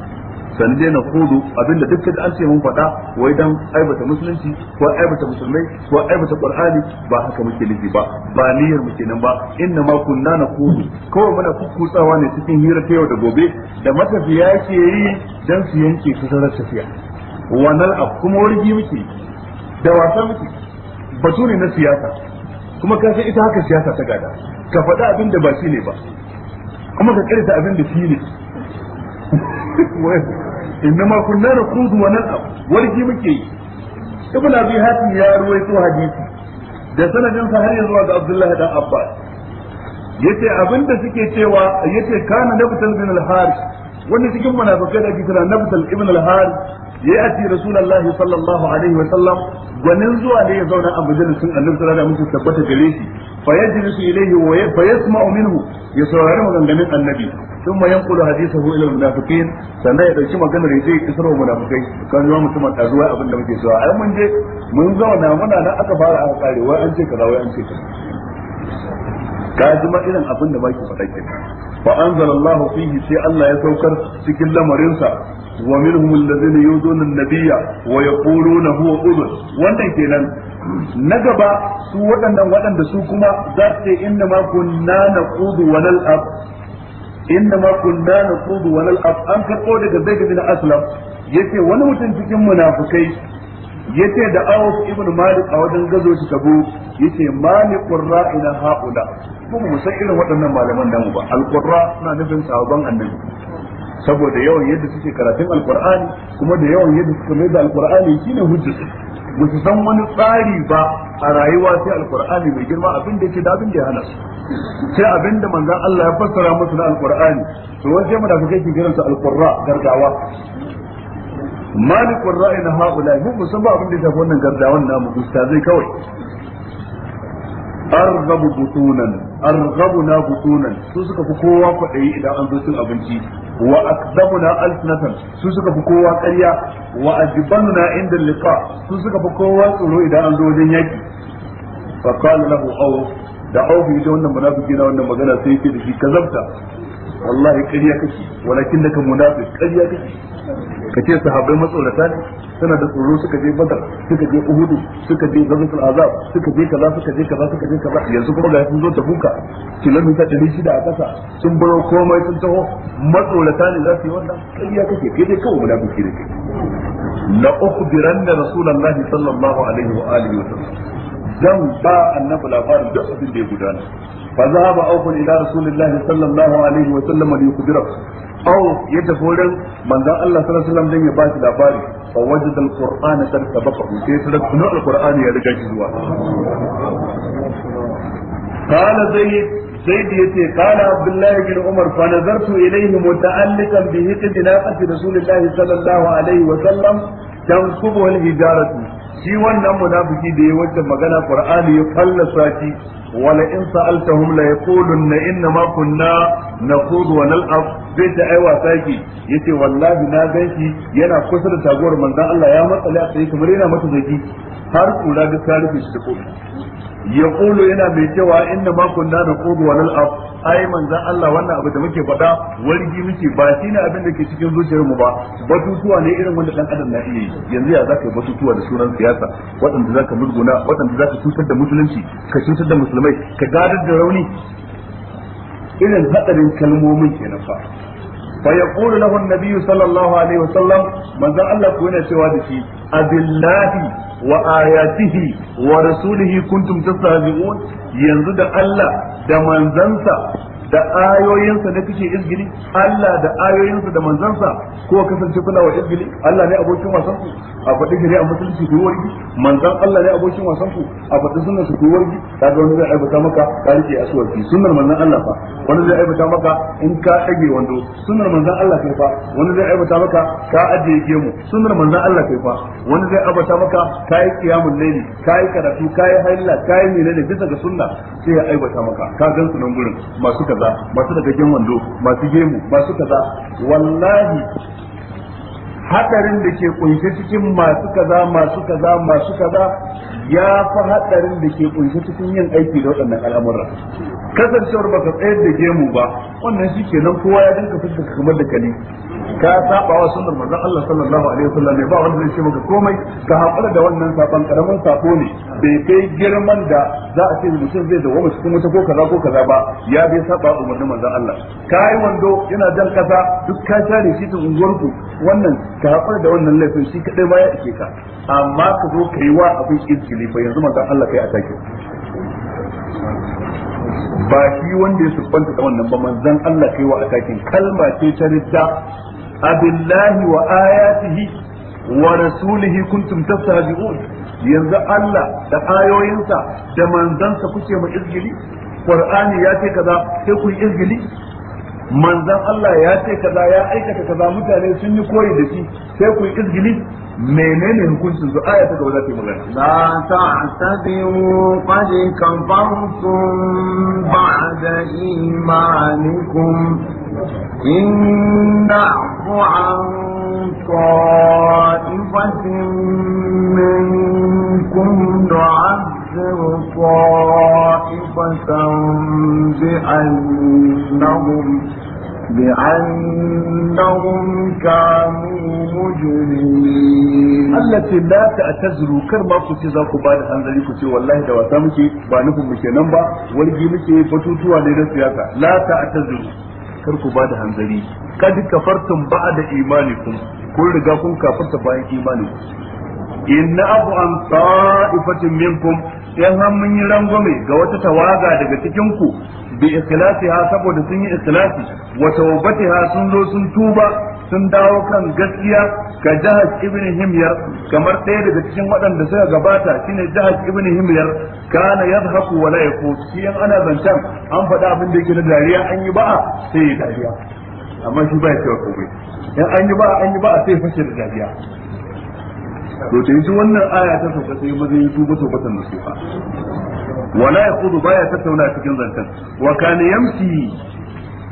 san na naqudu abinda duk da an ce mun faɗa wai dan aibata musulunci ko aibata musulmai ko aibata qur'ani ba haka muke nufi ba ba niyyar mu kenan ba inna ma kunna na naqudu kawai muna kukkutsawa ne cikin hira ta yau da gobe da matafiya ke yi dan su yanke su sarar tafiya wa nal'ab kuma wargi muke da wasa muke batu ne na siyasa kuma ka ita haka siyasa ta gada ka faɗa abinda ba shi ne ba kuma ka karanta abin da shi ne inna ma kunna naqudu wa nal'ab warji muke yi ibn abi hatim ya ruwaito hadisi da sanadin sa har zuwa ga abdullahi dan abbas yace abinda suke cewa yace kana nabtal bin al-harith Wani cikin munafikai da ke na nabtal ibn al-harith ya ati rasulullahi sallallahu alaihi wa sallam gwanin zuwa ne ya zauna a majalisin annabi sallallahu alaihi wasallam tabbata gare shi fa yajlisu ilayhi wa fa yasma'u minhu ya saurari maganganun annabi sun ma yanqulu hadithahu ila almunafiqin sannan ya dauki maganar yaje kisar wa munafikai kan zuwa mutum da zuwa abin da muke zuwa ai mun je mun zauna muna nan aka fara aka kare wai an ce kaza wai an ce kaza ka ji ma irin abin da baki faɗa fihi sai Allah ya saukar cikin lamarinsa wa minhum alladhina yuzuna an-nabiyya wa huwa wannan kenan na gaba su waɗannan waɗanda su kuma za su ce inda ma kunna kudu wa nal'ab Inda ma kunna kudu wa nal'ab an karɓo daga zai gabi na Aslam ce wani mutum cikin munafukai ce da Auf ibn Malik a wajen gazo shi tabo yace mali qurra ina haula kuma mu irin waɗannan malaman namu ba alƙurra qurra suna nufin sababan annabi saboda yawan yadda suke karatun Alƙur'ani, kuma da yawan yadda suka mai da alƙur'ani shine hujjatu ba su san wani tsari ba a rayuwa sai alkur'ani mai girma abin da yake da abin da ya hana su sai abin da manzon Allah ya fassara musu na alkur'ani to wai sai munafikai ke kiran su alqurra gargawa malikul ra'ayi na haula mu musan ba abin da ya wannan gargawan namu zai kawai arzabu butunan arzabuna butunan su suka fi kowa kwaɗayi idan an zo cin abinci wa na alsinatan su suka fi kowa ƙarya wa na inda liqa su suka fi kowa tsoro idan an zo wajen yaki fa qala lahu aw da aw bi wannan munafiki na wannan magana sai yake da shi kazabta wallahi ƙarya kake walakin da ka munafiq ƙarya kake ka ce sahabbai matsorata ne suna da tsoro suka je badar suka je uhudu suka je gazatul azab suka je kaza suka je kaza suka je kaza yanzu kuma ga sun zo ta buka kilomita ɗari shida a ƙasa sun baro komai sun taho matsorata za su yi wannan ƙarya kake kai dai kawai munafiki ne kai la ukhbiranna alaihi wa wa sallam ba annabi labarin duk da ya gudana فذهب أوف إلى رسول الله صلى الله عليه وسلم ليخبره أو يتفور من ذا الله صلى الله عليه وسلم لن يباتي لاباري فوجد القرآن قد سبقه سيترك نوع القرآن يا رجاج قال زيد زيد يتي قال عبد الله بن عمر فنظرت إليه متعلقا بهقد ناقة رسول الله صلى الله عليه وسلم تنصبه الهجارة shi wannan munafiki da ya wacce magana qur'ani ya fallasa shi wala in sa'altahum la yaqulunna inna ma kunna nakhudhu wa nal'ab zai ta ai wasa yake yace wallahi na ganki yana kusa da taguwar manzan Allah ya matsale a tsaye kamar yana mata zaki har kula da ta shi da komai yana mai cewa inna ma kunna naqudu walal af ai manzon Allah wannan abu da muke faɗa wargi muke ba ne abin da ke cikin zuciyar mu ba batutuwa ne irin wanda dan adam na iya yi yanzu ya zaka yi batutuwa da sunan siyasa waɗanda zaka murguna waɗanda zaka cutar da musulunci ka cutar da musulmai ka gadar da rauni irin hadarin kalmomin kenan fa fa yaqulu lahu an-nabiy sallallahu alaihi wasallam manzon Allah ko yana cewa da shi abillahi wa ayatihi wa rasulihi kuntum tastahzi'un yanzu da Allah da manzansa da ayoyinsa na kike izgili Allah da ayoyinsa da manzansa ko kasance kula wa izgili Allah ne abokin wasan ku a faɗi gari a musulunci ku wargi manzan Allah ne abokin wasan ku a faɗi sunan su ku wargi kaga wani zai aibata maka ka rike asuwarki sunan manzan Allah fa wani zai aibata maka in ka ɗage wando sunan manzan Allah kai fa wani zai aibata maka ka ajiye gemu sunan manzan Allah kai fa wani zai aibata maka ka yi kiyamun layli ka yi karatu ka yi haila ka yi menene bisa ga sunna sai ya aibata maka ka gan su nan gurin masu kaza kaza masu dagaggen wando masu gemu masu kaza wallahi hadarin da ke kunshe cikin masu kaza masu kaza masu kaza ya fi hadarin da ke kunshe cikin yin aiki da waɗannan al'amuran kasancewar baka tsayar da gemu ba wannan shi kenan kowa ya dinka fuskar kamar da kali ka saba wa sunnar manzon Allah sallallahu alaihi wasallam ne ba wanda zai ce maka komai ka hakura da wannan saban karamin sako ne bai kai girman da za a ce mutum zai dawo cikin wuta ko kaza ko kaza ba ya bai saba umarnin manzon Allah kai wando yana jan kasa duk ka tare shi tun unguwarku wannan ka hakura da wannan laifin shi kadai ba ya ike ka amma ka zo kai wa abin izgili fa yanzu manzon Allah kai atake ba shi wanda ya siffanta da wannan ba manzon Allah kai wa atakin kalma ce ta ridda abillahi wa ayatihi wa rasulihi kuntum tastahzi'un yanzu Allah da ayoyinsa da manzansa kuke mu izgili qur'ani ya ce kaza sai ku izgili manzan Allah ya ce kaza ya aikata kaza mutane sun yi koyi da shi sai ku izgili menene hukuncin su aya ta gaba za ta magana la ta'tabiru qad ba'da imanikum طائفة بأنهم بأنهم كانوا مجرمين الله لا تعتذروا كرما كنت ذاك بعد أن ذلك والله دوا سامكي بانكم مكينان با ولجي مكي بطوتوا لنا سياسة لا تعتذروا كركو بعد أن ذلك قد كفرتم بعد إيمانكم كل رقاكم كفرت بعد إيمانكم إن أبو عن طائفة منكم in har mun yi rangwame ga wata tawaga daga cikinku bi ikhlasiha saboda sun yi ikhlasi wa tawbatiha sun zo sun tuba sun dawo kan gaskiya ka jihar ibn kamar ɗaya daga cikin waɗanda suka gabata shine jahaj ibn himyar kana yadhaku wa la yakut ana zancan an abin da yake na dariya an yi ba'a sai yi dariya amma shi ba ya cewa in an yi ba'a an yi ba'a sai fashe da dariya to da wannan aya ta sauka sai maza ya tuba tobatan nasuha wala yaqudu baya tattauna cikin zantan wa kana yamshi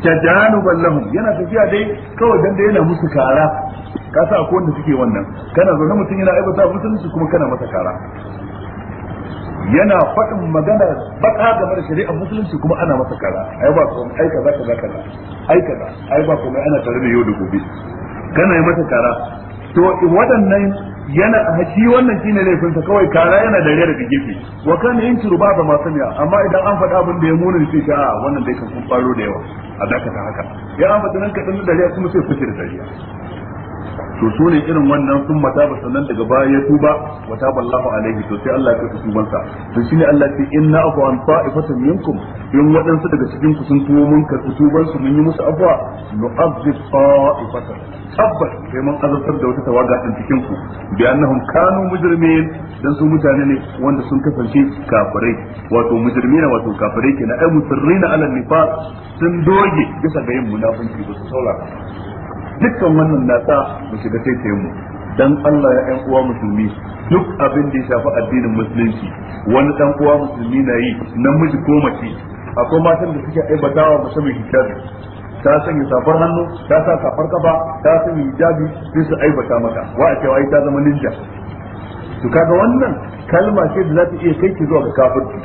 tajanuban lahum yana tafiya dai kawai dan da yana musu kara ka sa akwai wanda suke wannan kana zaune mutum yana aibata musulunci kuma masa kara yana faɗin magana baka game da shari'ar musulunci kuma ana masa kara ai ba kuma ai kaza kaza kaza ai kaza ai ba kuma ana tare da yau da gobe kana yi masa kara to waɗannan yana wannan shine laifin sa kawai kara yana da rera da gefe wa kan yin turu ba ma masaniya amma idan an faɗa abin da ya muni sai ta a wannan dai kan kun faro da yawa a dakata haka ya an faɗa nan kaɗan da dariya kuma sai fice da dariya to su ne irin wannan sun mata ba sannan daga baya ya tuba wa taballahu alaihi to sai Allah ya karɓi tubansa to shine Allah ya ce inna afu an ta'ifatan minkum in waɗansu daga cikin ku sun tuwo mun karɓi tuban su mun yi musu afwa nu'azzib ta'ifatan tabbas sai mun azabtar da wata tawaga din cikin ku bi annahum kanu mujrimin dan su mutane ne wanda sun kasance kafirai wato mujrimina wato kafirai kenan ai musirrina ala nifaq sun doge bisa ga yin munafiki ba su saurara dukkan wannan na sa mu shiga sai mu dan Allah ya ƴan uwa musulmi duk abin da ya shafi addinin musulunci wani ɗan uwa musulmi na yi na miji ko mace akwai matan da suke aibatawa musamman hijabi ta sanya safar hannu ta sa safar kafa ta sanya hijabi sai su aibata mata wa a cewa ta zama ninja to kaga wannan kalma ce da za ta iya kai ki zuwa ga kafirci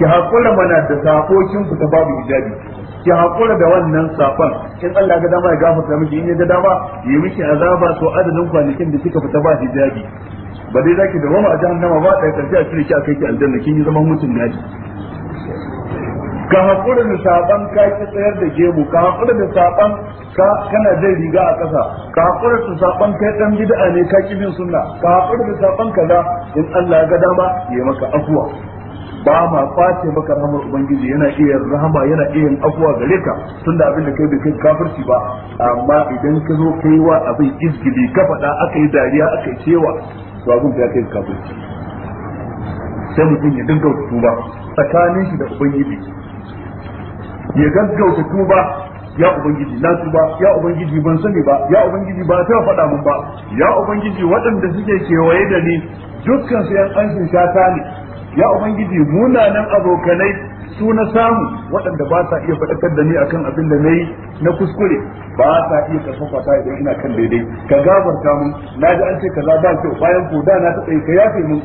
ki hakura mana da sakokin ku ta babu hijabi ki hakura da wannan safan in Allah ga dama ya gafarta miki in ya ga dama ya miki azaba to adadin kwanakin da kika fita ba hijabi ba dai zaki da wama a jahannama ba da kanta a cire ki akai ki aljanna kin yi zaman mutun naji ka hakura da safan ka ki tsayar da gemu ka hakura da safan ka kana da riga a kasa ka hakura da safan kai dan bid'a ne ka ki bin sunna ka hakura da safan kaza in Allah ga dama ya maka afwa ba ma kwace maka rahamar ubangiji yana iya rahama yana iya yin afuwa gare ka tunda abin da kai bai kai kafirci ba amma idan ka zo kai wa abin izgili ka faɗa aka yi dariya aka yi cewa to abin ya kai kafirci sai mutum ya dinga tuba tsakanin shi da ubangiji ya gaggauta tuba ya ubangiji na tuba ya ubangiji ban sani ba ya ubangiji ba ta faɗa mun ba ya ubangiji waɗanda suke kewaye da ni dukkan su yan anshin shata ne ya ubangiji munanan abokanai su na samu waɗanda ba sa iya faɗakar da ni akan abin da nayi na kuskure ba sa iya karfafa ta idan ina kan daidai ka gafarta mun na ji an ce za ba kyau bayan koda da na taɓa ka yafe mun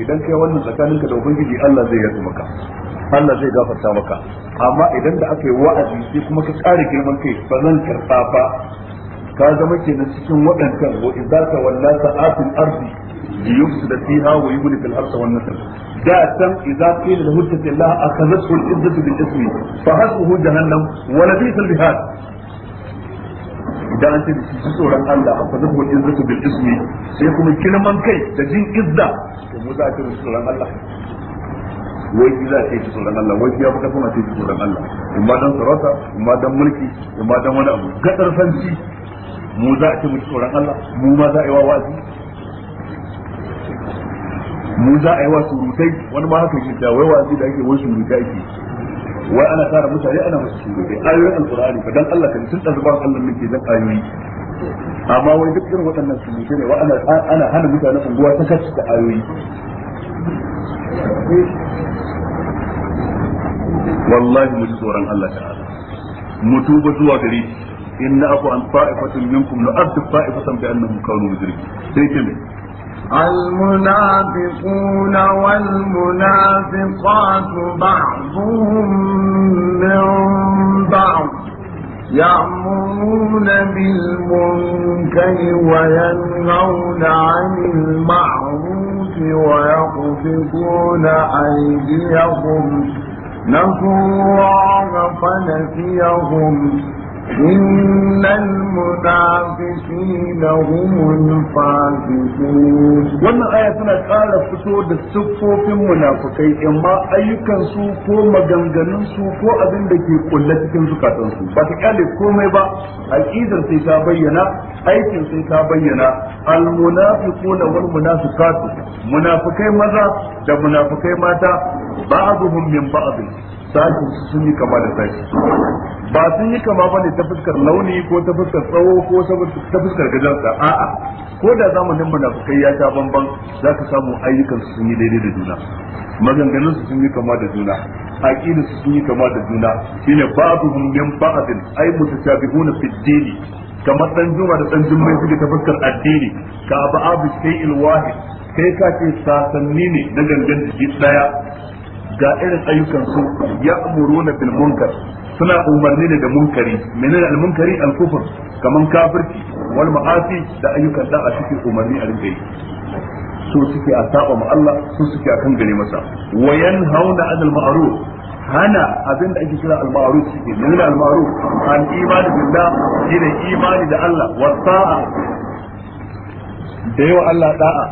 idan kai wannan tsakaninka da ubangiji Allah zai yafe maka Allah zai gafarta maka amma idan da aka yi wa'azi sai kuma ka ƙara girman kai ba zan karɓa ba ka zama kenan cikin waɗancan wa idza tawalla sa'atul ardi da fiha wa yubni fil ardi wan da san idza qila lahu taqillah akhadhathu al-izzatu bil ismi fa hasbuhu jahannam wa labisa al-bihad idan an ce ji tsoron Allah akhadhathu al-izzatu bil ismi sai kuma man kai da jin izza to mu za a ce tsoron Allah wai ki za a ce tsoron Allah wai ya fuka sama ce tsoron Allah in ma dan sarauta in ma dan mulki in ma dan wani abu gadar sanci mu za a ce mu tsoron Allah mu ma za a yi wa wazi mu za a yi wa surutai wani ma haka shidda wai wa da ake wani surutai ake wai ana tara mutane ana musu surutai ayoyin alqur'ani fa dan Allah ka tun da zuban Allah nake dan ayoyi amma wai duk irin waɗannan surutai ne wa ana ana hana mutane unguwa ta kace da ayoyi wallahi mu ji tsoron Allah ta'ala mu tuba zuwa gare shi inna aku an fa'ifatun minkum nu'addu fa'ifatan bi annahum kanu mujrimin sai ce المنافقون والمنافقات بعضهم من بعض يأمرون بالمنكر وينهون عن المعروف ويقفزون أيديهم نسوا الله فنسيهم إن المنافقين هم الفاسقون wannan aya tana ƙara fito da siffofin munafukai amma ayyukan su ko maganganun ko abin da ke kulle cikin zukatan su ba komai ba aqidar sai ta bayyana aikin sai ta bayyana al munafiquna munafukai maza da munafukai mata ba'dhum min ba'd Sakin sun yi kama da sashi ba sun yi kama ba ne ta fuskar launi ko ta fuskar tsawo ko ta fuskar gajarsa a'a ko da zamanin munafukai ya sha bamban za ka samu ayyukan su sun yi daidai da juna maganganun su sun yi kama da juna aqidu su sun yi kama da juna shine babu min ba'adin ay mutashabihuna fi dini kamar dan juma da dan jummai suke ta fuskar addini ka ba'abu shay'il wahid kai ka ce sasanni ne na gangan jiki daya ga irin ayyukan su ya ya'muruna bil munkar suna umarni ne da munkari menene al munkari al kufr kaman kafirci wal ma'asi da ayyukan a suke umarni a rinka yi su suke a saba ma Allah su suke akan gare masa wa yanhauna anil ma'ruf hana abin da ake kira al-ma'ruf shike menene al-ma'ruf an imani billah shine imani da Allah wa sa'a da yawa Allah da'a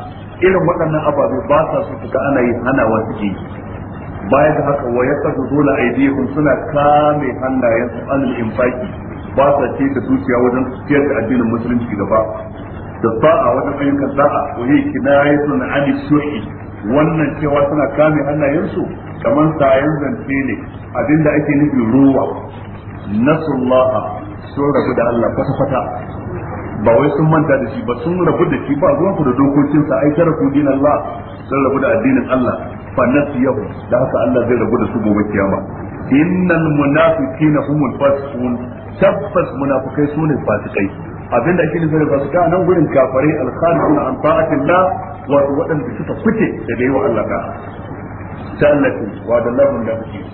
irin waɗannan ababe ba sa su fita ana yi hana hanawa suke baya da haka wa yasquduna aydihim suna kame hannayen su an infaki ba sa ce da zuciya wajen tafiyar da addinin musulunci gaba da sa'a wajen ayyukan sa'a wa yi kinayatun ali shuhi wannan cewa suna kame hannayen su kamar sayan zance ne abinda ake nufi ruwa nasullaha sun rabu da Allah kwata-kwata ba wai sun manta da shi ba sun rabu da shi ba zuwa da sa, ai tara ku din Allah sun rabu da addinin Allah fa nasiyahu da haka Allah zai rabu da su gobe kiyama innal munafiqina humul fasiqun tabbas munafikai sune fasikai abinda ake nufi da fasika nan gurin kafare al-khalidun an ta'atillah wa waɗanda suka fice daga yawa Allah ka ta Allah wa da Allah munafiqin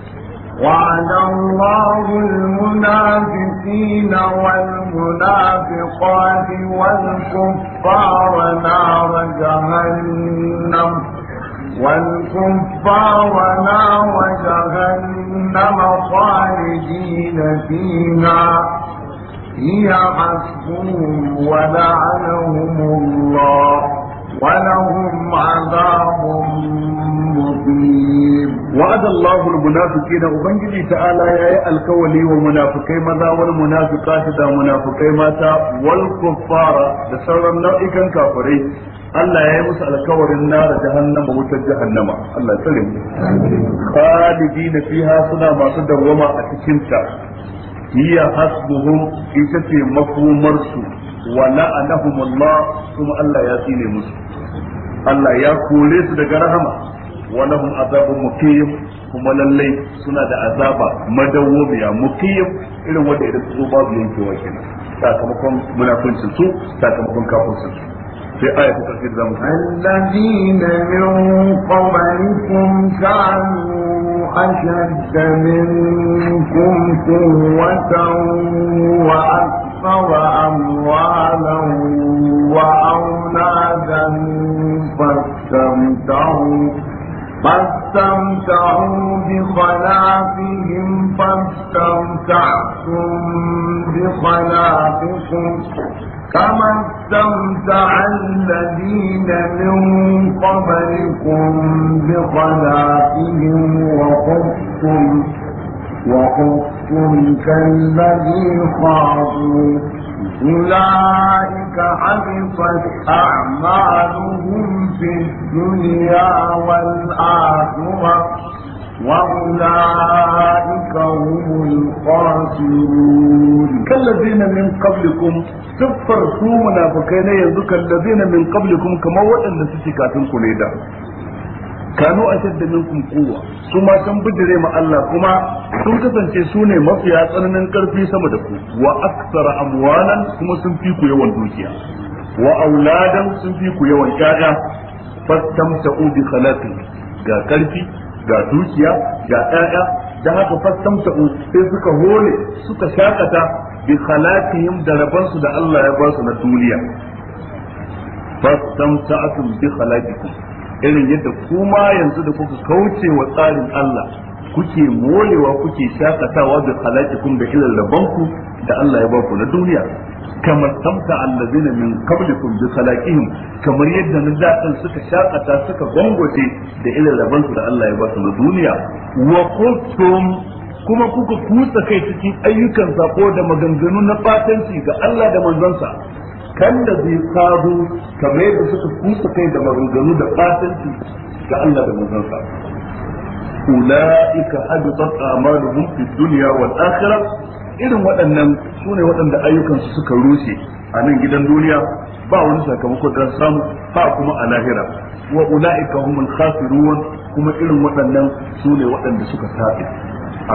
وعد الله المنافقين والمنافقات والكفار نار جهنم والكفار نار جهنم خالدين فيها هي حسبهم ولعنهم الله ولهم عذاب مقيم وعد الله المنافقين وبنجي تعالى يا الكولي والمنافقين ماذا والمنافقات دا منافقين ماتا والكفار لسرم نائكا كافرين Allah ya yi musu alkawarin nara jahannama wutar jahannama Allah tsare mu khalidi da fiha suna masu dawwama a cikin ta hiya hasbuhum ita ce makomar su wa la'anahum Allah kuma Allah ya tsine musu Allah ya kore su daga rahama wa lahum azabun muqim kuma lallai suna da azaba madawwamiya muqim irin wanda idan su babu yankewa kenan sakamakon munafincin su sakamakon kafircin su في آية التوحيد ذا الذين من قبلكم كانوا أشد منكم قوة وأكثر أموالا وأولادا فاستمتعوا فاستمتعوا بخلاقهم فاستمتعتم بخلاقكم كما استمتع الذين من قبلكم بخلاقهم وخفتم وخفتم كالذي خاضوا أولئك حبطت أعمالهم في الدنيا والآخرة وأولئك هم الخاسرون كالذين من قبلكم سفر سومنا فكان يزكى الذين من قبلكم كما وأن سشكات كنيدا كانوا أشد منكم قوة ثم تنبجر مع الله كما sun kasance su ne mafiya tsananin karfi sama da ku wa aksara amwalan kuma sun fi ku yawan dukiya wa auladan sun fi ku yawan ƴaƴa fastamta'u bi khalaqi ga karfi ga dukiya ga ƴaƴa da haka fastamta'u sai suka hore, suka shakata bi khalaqihim da rabansu da Allah ya ba su na duniya fastamta'atum bi khalaqikum irin yadda kuma yanzu da kuka kauce wa tsarin Allah kuke molewa kuke shakatawa da halakikum da irin rabanku da Allah ya ba ku na duniya kamar samta allazina min qablikum bi salaqihim kamar yadda na dadan suka shakata suka gongote da irin rabon da Allah ya ba su na duniya wa kuma kuka kutsa kai cikin ayyukan sako da maganganu na fatanci ga Allah da manzansa kan da zai sadu kamar yadda suka kutsa kai da maganganu da fatanci ga Allah da manzansa ulaika habitat a'maluhum fid dunya wal irin waɗannan su ne waɗanda ayyukansu suka rushe a nan gidan duniya ba wani sakamako da samu ba kuma a lahira wa ula'ika humul khasirun kuma irin waɗannan su ne waɗanda suka tafi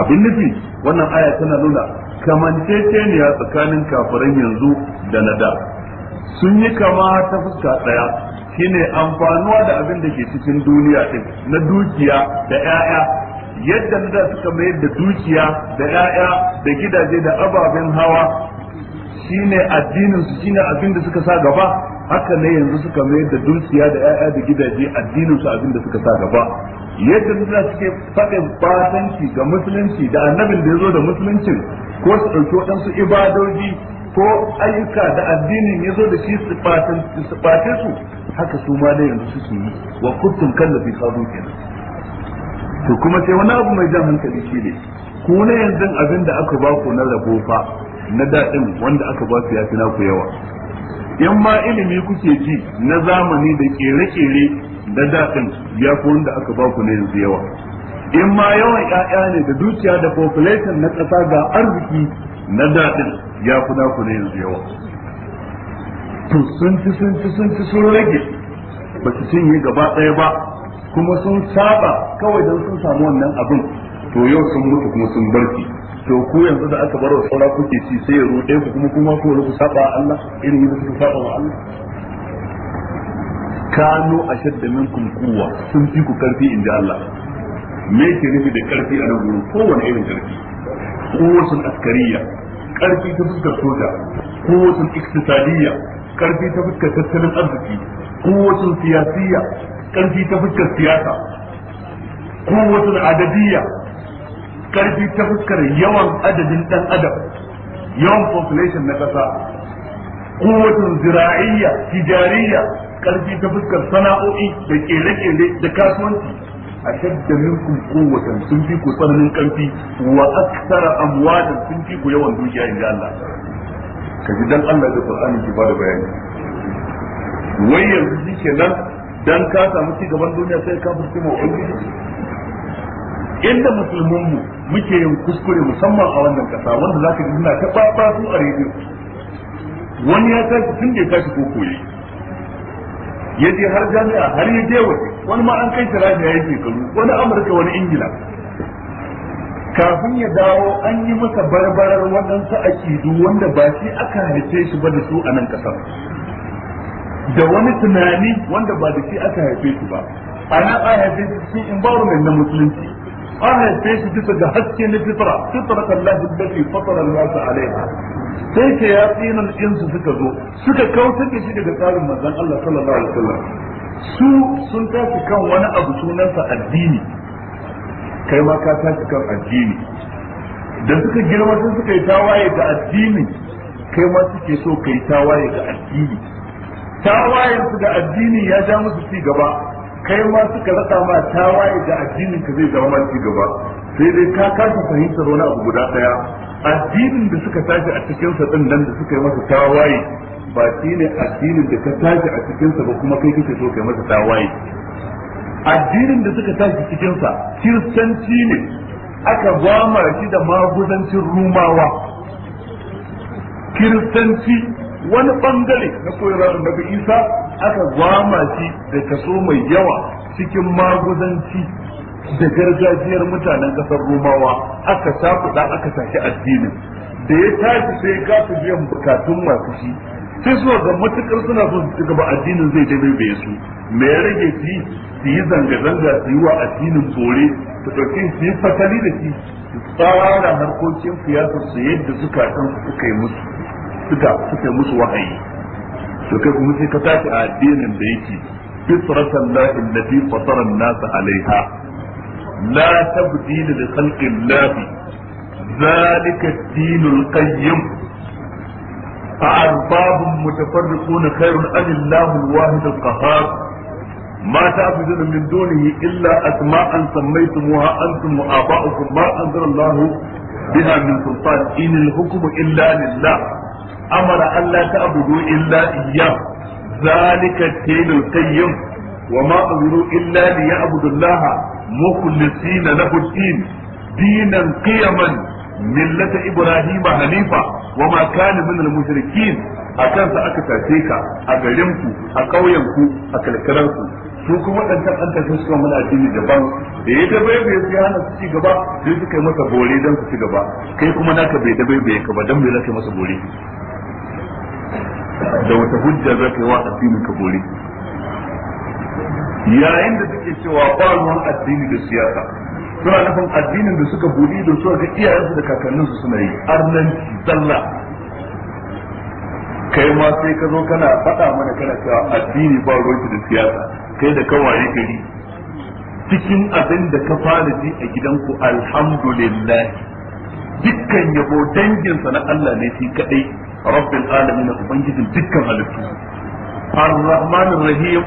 abin nufi wannan aya tana nuna kamanceceniya tsakanin kafiran yanzu da na da sun yi kama ta fuska ɗaya shine amfanuwa da abin da ke cikin duniya din na dukiya da 'ya'ya yadda na su kama mayar da dukiya da 'ya'ya da gidaje da ababen hawa shine addinin su shine abin da suka sa gaba haka ne yanzu suka mayar da dukiya da 'ya'ya da gidaje addinin su abin da suka sa gaba yadda su suke faɗin batanci ga musulunci da annabin da yazo zo da musuluncin ko su ɗauki waɗansu ibadoji ko ayyuka da addinin yazo da shi su ɓace su haka su ma da yanzu su yi wa kuntum kallafi sabo kenan to kuma sai wani abu mai jan hankali shi ne ku ne yanzu abin da aka ba ku na rabo fa na daɗin wanda aka ba su ya fi naku yawa in ma ilimi kuke ji na zamani da kere-kere da daɗin ya fi wanda aka ba ku na yanzu yawa in ma yawan ƴaƴa ne da dukiya da population na ƙasa ga arziki na daɗin ya fi naku na yanzu yawa to sun ci sun ci sun ci sun rage ba su cinye gaba ɗaya ba kuma sun saba kawai don sun samu wannan abin to yau sun mutu kuma sun barci to ku yanzu da aka bar saura kuke ci sai ya ruɗe ku kuma kuma ku ku saba Allah irin yadda suka saba wa Allah kanu ashadda minkum quwwa sun fi ku karfi inda Allah me ke nufi da karfi a nan gurin kowane irin karfi Kowace askariya karfi ta fuskar soja quwwatun iktisadiyya karfi ta fuskar tattalin arziki Kowace siyasiyya karfi ta fuskar siyasa kuwatul adadiyya karfi ta fuskar yawan adadin dan adam yawan population na kasa kuwatul zira'iyya tijariyya karfi ta fuskar sana'o'i da kere-kere da kasuwanci ashadda minkum quwwatan sun fi ku tsananin karfi wa aktsara amwalan sun fi ku yawan dukiya inda Allah ji dan Allah da Qur'ani ki da bayani wai yanzu shikenan dan ka samu ci gaban duniya sai ka fuskin mu ubangiji inda musulmin mu muke yin kuskure musamman a wannan kasa wanda zaka ji suna ta baba su a rediyo wani ya tashi tun da ya tashi ko koyi ya je har jami'a har ya je waje wani ma an kai shi ya yi shekaru wani amurka wani ingila kafin ya dawo an yi masa barbarar waɗansu akidu wanda ba shi aka halice shi ba da su a nan ƙasar da wani tunani wanda ba da shi aka haife shi ba a nan an haife shi cikin environment na musulunci an haife shi bisa ga haske na fitra fitra Allah allati fatara an-nas alaiha sai ke ya tsinan insu suka zo suka kawo suke shi daga tsarin manzon Allah sallallahu alaihi wasallam su sun tashi kan wani abu sunansa addini kai ma ka tashi kan addini da suka girma sun suka yi tawaye ga addini kai ma suke so ka yi tawaye ga addini tawayensu da addini ya ja musu ci gaba kai ma suka rasa ma tawaye da addinin ka zai zama ci gaba sai dai ka kasa fahimtar wani abu guda daya addinin da suka tashi a cikin sa din nan da suka yi masa tawaye ba shi ne addinin da ka tashi a cikin sa ba kuma kai kake so kai masa tawaye addinin da suka tashi cikin sa kiristanci ne aka gwama shi da magudancin rumawa kiristanci wani bangare na koyarwa daga isa aka gwama shi da kaso mai yawa cikin maguzanci da gargajiyar mutanen kasar romawa aka da aka tafi addinin da ya tashi sai ya biyan bukatun masu shi sai suwa ga matukar suna so su cigaba addinin zai dai bai su me ya rage shi su yi zanga-zanga su yi wa addinin tsore su ɗauki su yi fatali da shi su tsara harkokin siyasar su yadda suka su suka yi musu suka suke musu wahayi to kai kuma sai ka tafi a addinin da yake fitratan la allati fatara an-nas alaiha la tabdila li khalqi allah zalika ad-din al-qayyim أأرباب متفرقون خير أم الله الواحد القهار ما تعبدون من دونه إلا أسماء سميتموها أنتم وآباؤكم ما أنزل الله بها من سلطان إن الحكم إلا لله amara Allah ta abudu illa iya zalika tilul qayyim wa ma umiru illa liya'budu Allah mukhlisina lahu din dinan qiyaman millata ibrahima hanifa wa ma kana min al mushrikin akan sa aka tace ka a garin ku a ƙauyen ku a kalkaran ku su kuma waɗancan an tafi suka mana addini daban da ya da bai bai sai hana su ci gaba sai suka yi masa bore don su ci gaba kai kuma naka bai da bai bai ka ba don bai zaka masa bore da wata hujja za ka yi wa addinin ka gore yayin da suke cewa ba ruwan addini da siyasa suna nufin addinin da suka buɗe da su ga iyayensu da kakanninsu suna yi Arnan zalla kai ma sai ka zo kana faɗa mana kana cewa addini ba ruwanki da siyasa kai da kawaye gari cikin abin da ka fara ji a gidanku alhamdulillah dukkan yabo danginsa na Allah ne shi kaɗai rabbil alamin ubangijin dukkan halittu ar-rahman rahim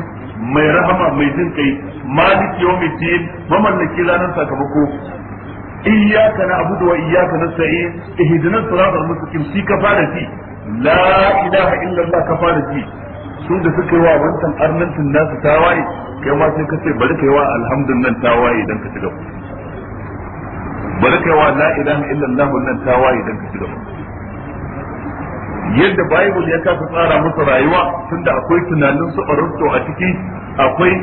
mai rahama mai jin kai malik yawmiddin mamallaki ranar sakamako iyyaka na'budu wa iyyaka nasta'in ihdinas siratal mustaqim shi ka fara shi la ilaha illa allah ka fara shi su da suka wa wancan arnancin nasu tawaye kai ma sai kace, ce bari kai wa alhamdulillah tawaye dan ka ci gaba bari kai wa la ilaha illa allah nan tawaye dan ka ci yadda bible ya kafa tsara musu rayuwa tunda akwai tunanin su rufto a ciki akwai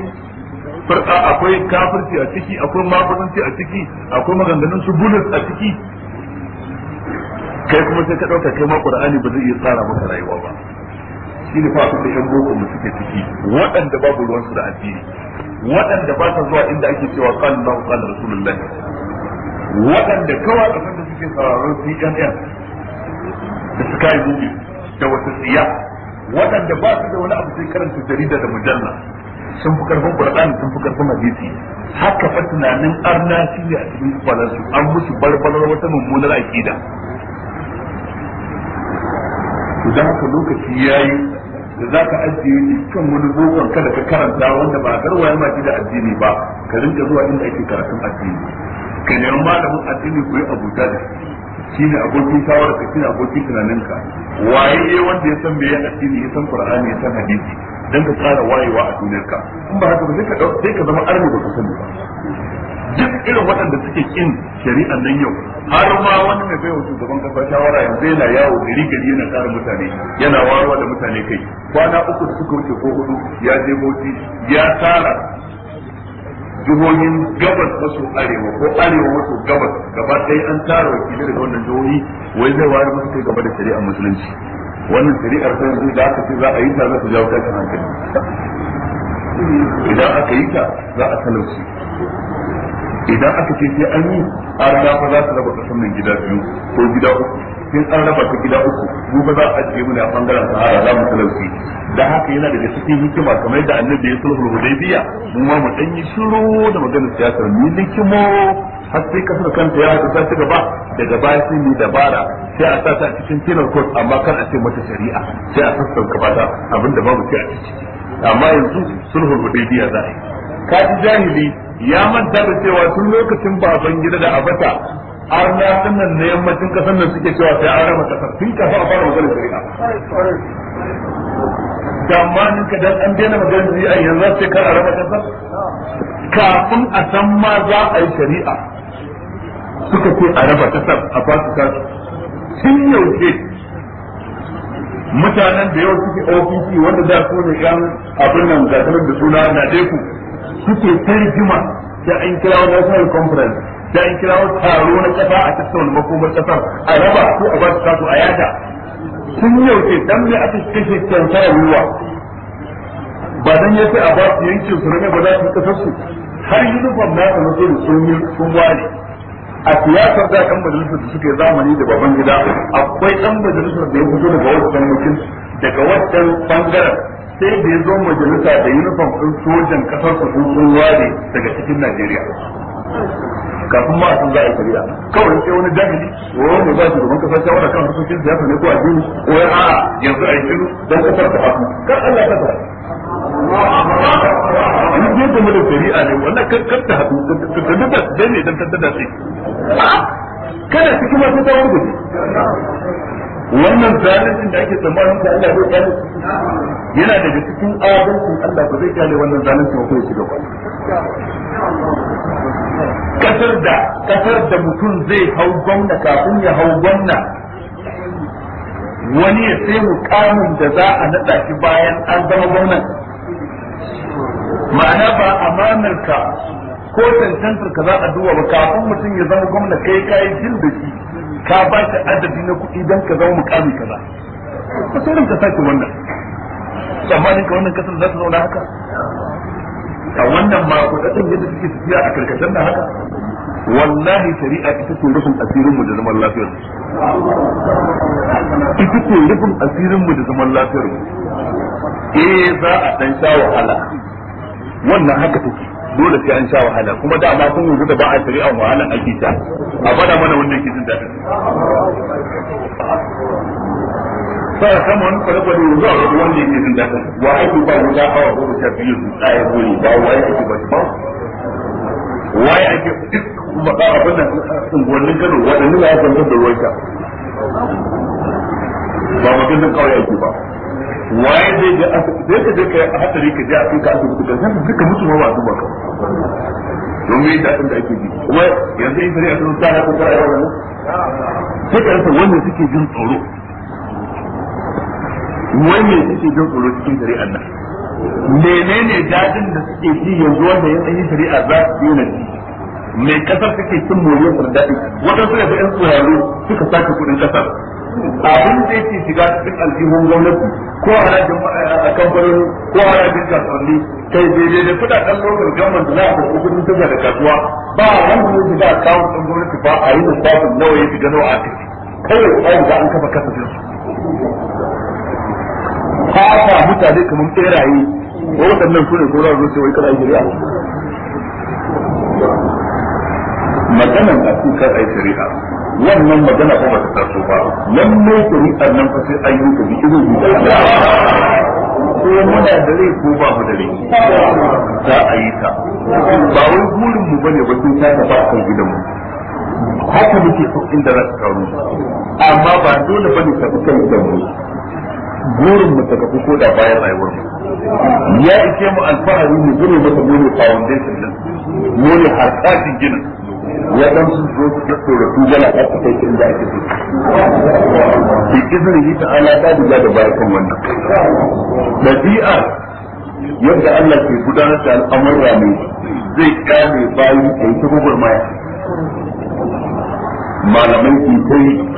farka akwai kafirci a ciki akwai mafudanci a ciki akwai maganganun su bulus a ciki kai kuma sai ka dauka kai ma qur'ani ba zai iya tsara masa rayuwa ba shi ne fa su da yan boko mu suke ciki waɗanda babu ruwan su da addini waɗanda ba ta zuwa inda ake cewa qala Allahu qala rasulullahi waɗanda kawai abin da suke sauraron CNN da sky movie da wasu siya waɗanda ba su da wani abu sai karanta jarida da mujalla sun fi karfin qur'ani sun fi karfin hadisi haka fa tunanin arna shi ne a cikin kwalansu an musu barbarar wata mummunar aqida to haka lokaci yayi da zaka ajiye dukkan wani bokon kada ka karanta wanda ba garwaya ma da addini ba ka rinka zuwa inda ake karatun addini ka neman malamin addini ku yi abuta da shi shine abokin shawara ka shine abokin tunaninka waye wanda ya san me ya ne ya san qur'ani ya san hadisi dan ka tsara wayewa a duniyarka in ba haka ba sai ka sai ka zama arni ba ka ba duk irin waɗanda suke kin shari'an nan yau har ma wani mai baiwa shugaban kasa shawara yanzu yana yawo gari gari yana tsara mutane yana warwa da mutane kai kwana uku da suka wuce ko hudu ya je bauchi ya tsara jihohin gabas maso arewa ko arewa maso gabas gaba ɗaya an tara wakilai daga wannan jihohi wai zai ware musu kai gaba da shari'ar musulunci wannan shari'ar ta yanzu da aka ce za a yi ta za ta jawo tashin hankali idan aka yi ta za a talauci idan aka ce sai an yi arna fa za ta raba kasan nan gida biyu ko gida uku in an raba ta gida uku mu ba za a ajiye mu ne a bangaren sahara za mu talauci da haka yana daga cikin hikima kamar da annabi ya sulhul hudaybiya mu ma mu danyi shiru da maganar siyasar mu kimo har sai kasar kanta ya haka ta gaba daga baya sai mu dabara sai a sa ta cikin penal court amma kan a ce mata shari'a sai a sassauka bata abinda babu ce a ciki amma yanzu sulhul hudaybiya za a yi ka ji jahili ya manta da cewa tun lokacin baban gida da abata har na nan ne yammacin kasan nan suke cewa sai an raba kasar tun kafin a fara maganar shari'a da ma ka dan an daina maganar shari'a yanzu za su ce kar a raba kasar kafin a san ma za a yi shari'a suka ce a raba kasar a su kasu tun yaushe mutanen da yau suke ofishi wanda za su ne kan abin nan gasar da suna na deku suke jima sai an kira wani national conference da an kira wasu taro na kasa a tattauna makomar kasar a raba ko a ba su kasu a yada sun yauce dan me aka kashe kyautar ruwa ba dan yace a ba su yankin su ne ba za su kasar su har yunifom na ta mace da sun yi a siyasar da kan majalisar da suke zamani da baban gida akwai dan majalisar da ya fito daga wancan mutum daga wancan bangaren sai da ya zo majalisa da yunifom ɗin sojan ƙasar su sun ware daga cikin Najeriya kafin ma a san za a yi shari'a kawai sai wani jahili wani ba shi gaban kasar shawara kan hukuncin siyasa ne ko addini ko ya a yanzu a yi shiru don kasar ta haku kar Allah ta ta in je ta mutum shari'a ne wannan kar ta haku ta duba dai ne don tattada sai kada cikin masu tsawon gudu wannan zalincin da ake tsammanin da Allah zai kyale yana daga cikin Allah ba zai kyale wannan zalincin ko ya shiga kasar da kasar da mutum zai hau gwamna kafin ya hau gwamna wani ya sai mukamin da za a nada shi bayan an zama gwamnan ma'ana ba amanarka ko tantantar ka za a duwa ba kafin mutum ya zama gwamna kai kayi jin da shi ka ba shi adadi na kuɗi don ka zama mukami za ka saurin ka sake wannan tsammanin ka wannan kasar za ta zauna haka a wannan makudatun yadda suke tafiya a karkashin da haka wallahi shari'a ita ce rufin asirin mu da zaman lafiyar ita ce rufin asirin mu da zaman lafiyar mu eh za a dan sha wahala wannan haka take dole sai an sha wahala kuma da ma sun wuce da ba a shari'a wahalan ake sha a bada mana wanda yake jin daɗin fara kama wani kwale-kwale zuwa wasu wanda yake jin daɗin wa aiki ba wuta awa ko ta biyu su tsaye goyi ba wa aiki ba ba wa aiki duk kuma ba abin da unguwannin kano waɗannan ya zanta da ruwan sha ba mutum da kawai aiki ba ya zai ga zai ka je ka hatsari ka je a kai ka asibiti ka duka mutu ma ba ka domin da ake ji kuma yanzu a cikin tsara ko tsara ne ka suke jin tsoro wai suke jin tsoro cikin shari'ar nan menene dadin da suke ji yanzu wanda ya tsayi shari'a za su yi nan me kasar suke cin moriyar sardadi waɗansu da yan tsoro suka sake kuɗin kasar abin da yake shiga cikin aljihun gwamnati ko rajin a kamfanin ko rajin kasuwanni kai daidai da kudaden lokacin gamar da za a karɓi kudin tuga da kasuwa ba wanda ya shiga a kawo gwamnati ba a yi lissafin nawa ya shiga nawa a ciki kawai ba an kafa kasafin su fata mutane kamar beraye waɗannan su ne kura zuwa su ce wai a shari'a maganan a kuka a shari'a wannan magana ko ba ta taso ba lalle shari'ar nan fa sai an yi ta bi irin ko muna da ko ba mu za a yi ta ba wai burin mu bane ba sun ta ba kan gidan mu haka muke so inda za ta karu amma ba dole bane ta tafi kan gidan mu burin mu ta kafu ko da bayan rayuwar mu ya ike mu alfahari mu gure mata gure foundation din mu ne kafin gina ya dan su zo su tsoro su jala a cikin kin da ake so ki kizuri ni ta ala da barkan wannan dabi'a yadda Allah ke gudanar da al'amura ne zai kame bayi da ita gurmaya malamai kai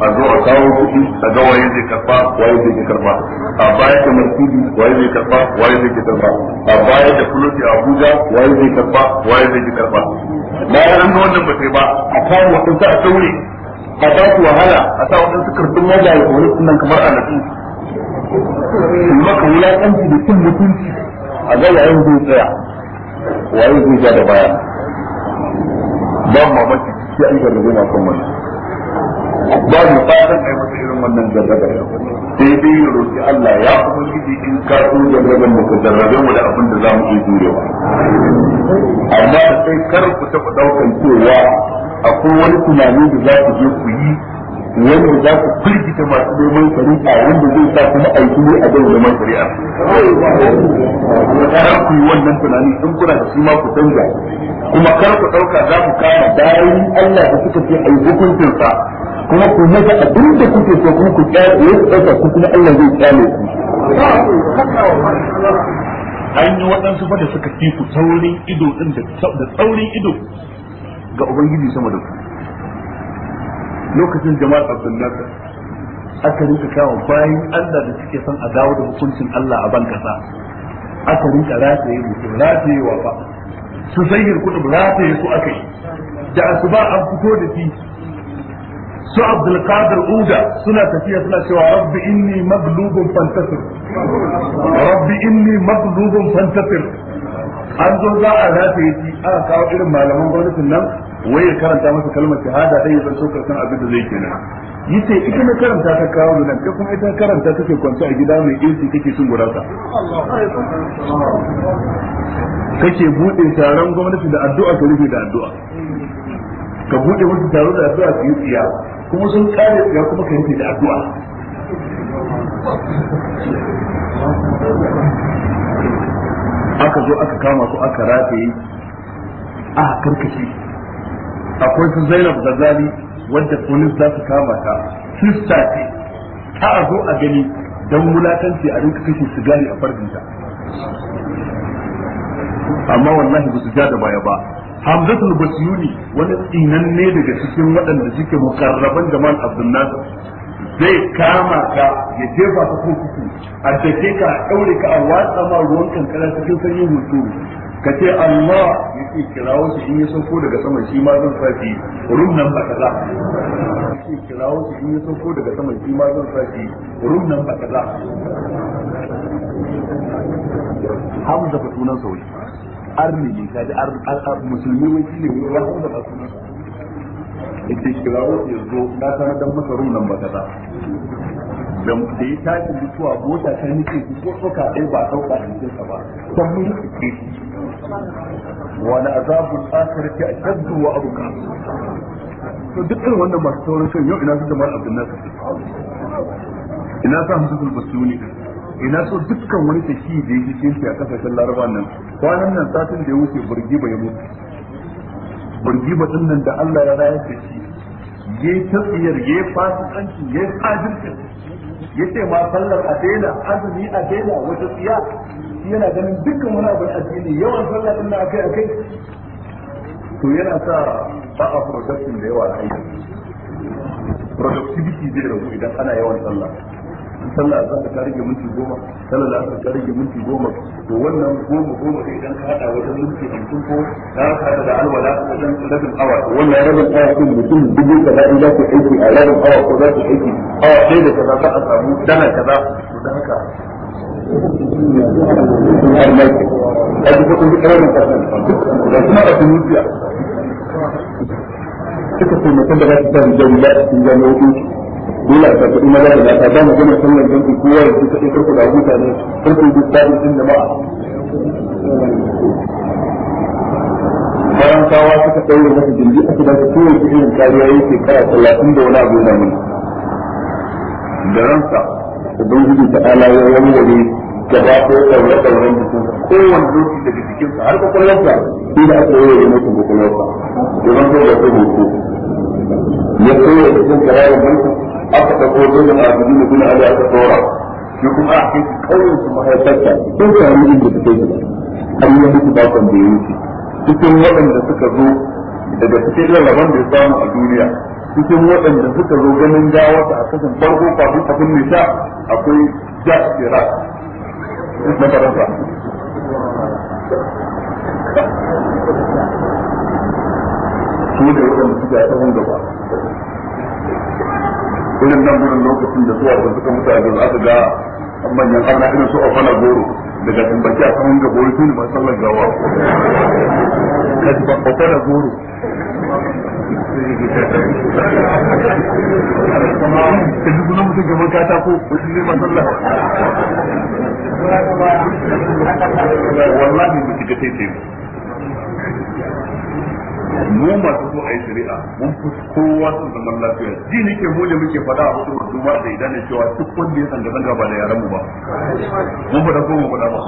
a zo a kawo kuɗi a ga waye zai karba waye zai ke karba a baya da masjidi waye zai karba waye zai ke karba a baya da kuloti a Abuja waye zai karba waye zai ke karba na yi ranar wannan ba sai ba a kawo wadansu a daure a ba su wahala a sa su karfin maza ya kori sunan kamar a nasu maka wulaƙanci da cin mutunci a ga yayin zai tsaya waye zai ja da baya ba mamaki sai an gargaɗe na kan wannan ba mu fatan ai masa irin wannan jarrabar sai dai ya roki Allah ya kuma gidi in ka so jarrabar mu ka jarrabe mu da abin da za mu iya jurewa amma sai kar ku taɓa ɗaukan cewa akwai wani tunani da za ku je ku yi wanda za ku firgita masu neman shari'a wanda zai sa kuma aiki ne a bai neman shari'a kar ku yi wannan tunani in kuna da su ma ku canza kuma kar ku ɗauka za ku kama bayan Allah da suka ce a yi hukuncinsa. kuma ku masa abin da kuke so kuma ku kyale ku ɗauka ku kuma Allah zai kyale ku an yi waɗansu fa da suka fi ku taurin ido ɗin da taurin ido ga Ubangiji sama da ku. lokacin jama'ar abdullahi aka rinka kawo bayan Allah da suke son a dawo da hukuncin Allah a ban kasa aka rinka rataye mutum rataye wa ba su zayyar kudu rataye su aka yi da asuba an fito da shi su abdul qadir uda suna tafiya suna cewa rabbi inni maglubun fantasir rabbi inni maglubun fantasir an zo za a rataye shi aka kawo irin malaman gwamnatin nan wai ya karanta masa kalmar shahada dai ya zanto karshen abin da zai kenan yace ita na karanta ta kawo da nan kuma ita karanta take kwance a gida mai AC kake sun gurasa kake bude taron gwamnati da addu'a ka rufe da addu'a ka bude wasu taro da addu'a su yi tsiya kuma sun kare tsiya kuma ka rufe da addu'a aka zo aka kama su aka rataye aka karkashe akwai su zainab gazali wadda polis za su kama ta sista ce ta a zo a gani don wulatanci a rinka kashe sigari a farjinta amma wallahi ba su ja da baya ba hamzatul basyuni wani ne daga cikin waɗanda suke mukarraban jamal abdul nasir zai kama ka ya jefa ka kurkuku a dake ka a ɗaure ka a watsa ma ruwan kankara cikin sanyin hutu. ka ce Allah ya ce kirawo shi in ya sauko daga saman shi ma zan saki rumnan ba kaza shi kirawo shi in ya sauko daga saman shi ma zan saki rumnan ba kaza hamza ba sunan sauri arni ne kaji ar ar musulmi wai shi ne ya hamza ba sunan ita kirawo ya zo na sanar da masa rumnan ba kaza da ya tashi mutuwa mota ta nufi su ko suka ɗai ba ɗauka da cikin sa ba don mun suke wani azabun asirki a shaddu wa abuka to duk irin wannan masu sauran shan yau ina su jama'ar abdul nasir ina sa hamsu basuni ina so dukkan wani tafi da yake cikin a kasashen laraba nan kwanan nan satin da ya wuce burgiba ya mutu burgiba din nan da Allah ya rayar da shi yayi tafiyar yayi fasikanci yayi fasikanci yace ma sallar a azumi a daina wata tsiya yana ganin dukkan wani abin addini yawan sallar din nan akai akai to yana sa ba a production da yawa a aiki productivity zai ragu idan ana yawan sallah sallah za ka rage minti goma sallah za ka rage minti goma to wannan goma goma da idan ka hada wajen minti hamsin ko za ka hada da alwala wajen rabin awa wannan rabin awa din mutum dubu kaza in za ku aiki a rabin awa ko za ku aiki awa sai da kaza za a samu dana kaza to da haka a duk kun ji karamin kasan da kuma a tunisiya suka ce mutum da za su sa hijab ya cikin jami'o'in dole a tafi ina da mata ba mu gama sallar jami'i kowa ya kuka sai karku da mutane karku duk da'in din da ba bayan suka ɗaure masa jirgi a cikin kowa ya irin kariya ya shekara talatin da wani abu na ne da ransa ubangiji ta ala ya wani gaba ko ɗaure ɗauren jikinsa kowane doki daga jikinsa har kwakwalwarsa shi da aka yi wa mutum kwakwalwarsa domin ko da hoto ya koya da jin karayen mutum aka ɗauko dole a gudu da guna ala aka tsora shi kuma a kai kawai su mahaifarta duk da wani inda ta kai har yi duk bakon da ya wuce cikin waɗanda suka zo daga cikin lalaban da ya samu a duniya cikin waɗanda suka zo ganin gawarsa a kasan farko kafin abin sha akwai ja kira na faransa shi da waɗanda su yi tsawon gaba irin nan gurin lokacin da zuwa da suka mutu a gaza aka ga manyan ana irin su a fana goro daga tambaki a saman tuni masu sallar gawa ka ji ba fana goro ka ji mutum mu masu so a yi shari'a mun fi kowa sun zaman lafiya ji ne ke muje muke faɗa a wasu wasu ma da idan cewa duk wanda ya zanga zanga ba da yaran mu ba mun fada ko mu faɗa ba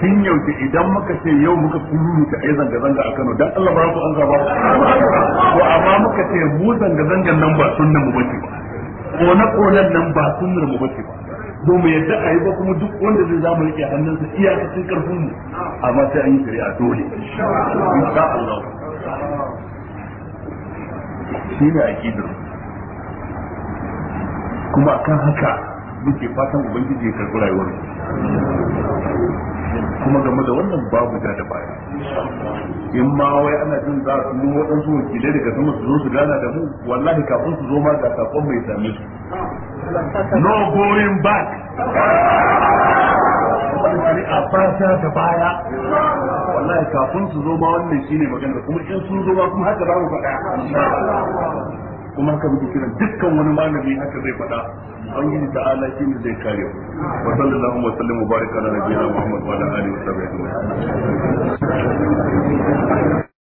tun yauke idan muka ce yau muka kururu ta ai zanga zanga a Kano dan Allah ba ku an ba ko amma muka ce mu zanga zangan nan ba sunnan mu bace ba kone konen nan ba sunnar mu bace ba Domin mu yadda a yi ba kuma duk wanda zai zamu rike hannunsa iyakacin karfin mu amma sai an yi shari'a dole insha Allah shi ne aqidar kuma kan haka muke fatan ubangiji ya karɓi rayuwar kuma game da wannan babu da da baya in ma wai ana jin za su yi waɗansu wakilai daga sama su zo su gana da mu wallahi kafin su zo ma ga sakon mai same su no going back Wani a fata da baya wallahi kafin su zo ma wannan shine magana kuma in sun zo ma kuma haka za mu faɗa kuma haka muke kiran dukkan wani malami haka zai faɗa yi ta ala shi ne zai kare mu wa sallallahu wa sallam mubarak ala nabiyina muhammad wa ala alihi wa sahbihi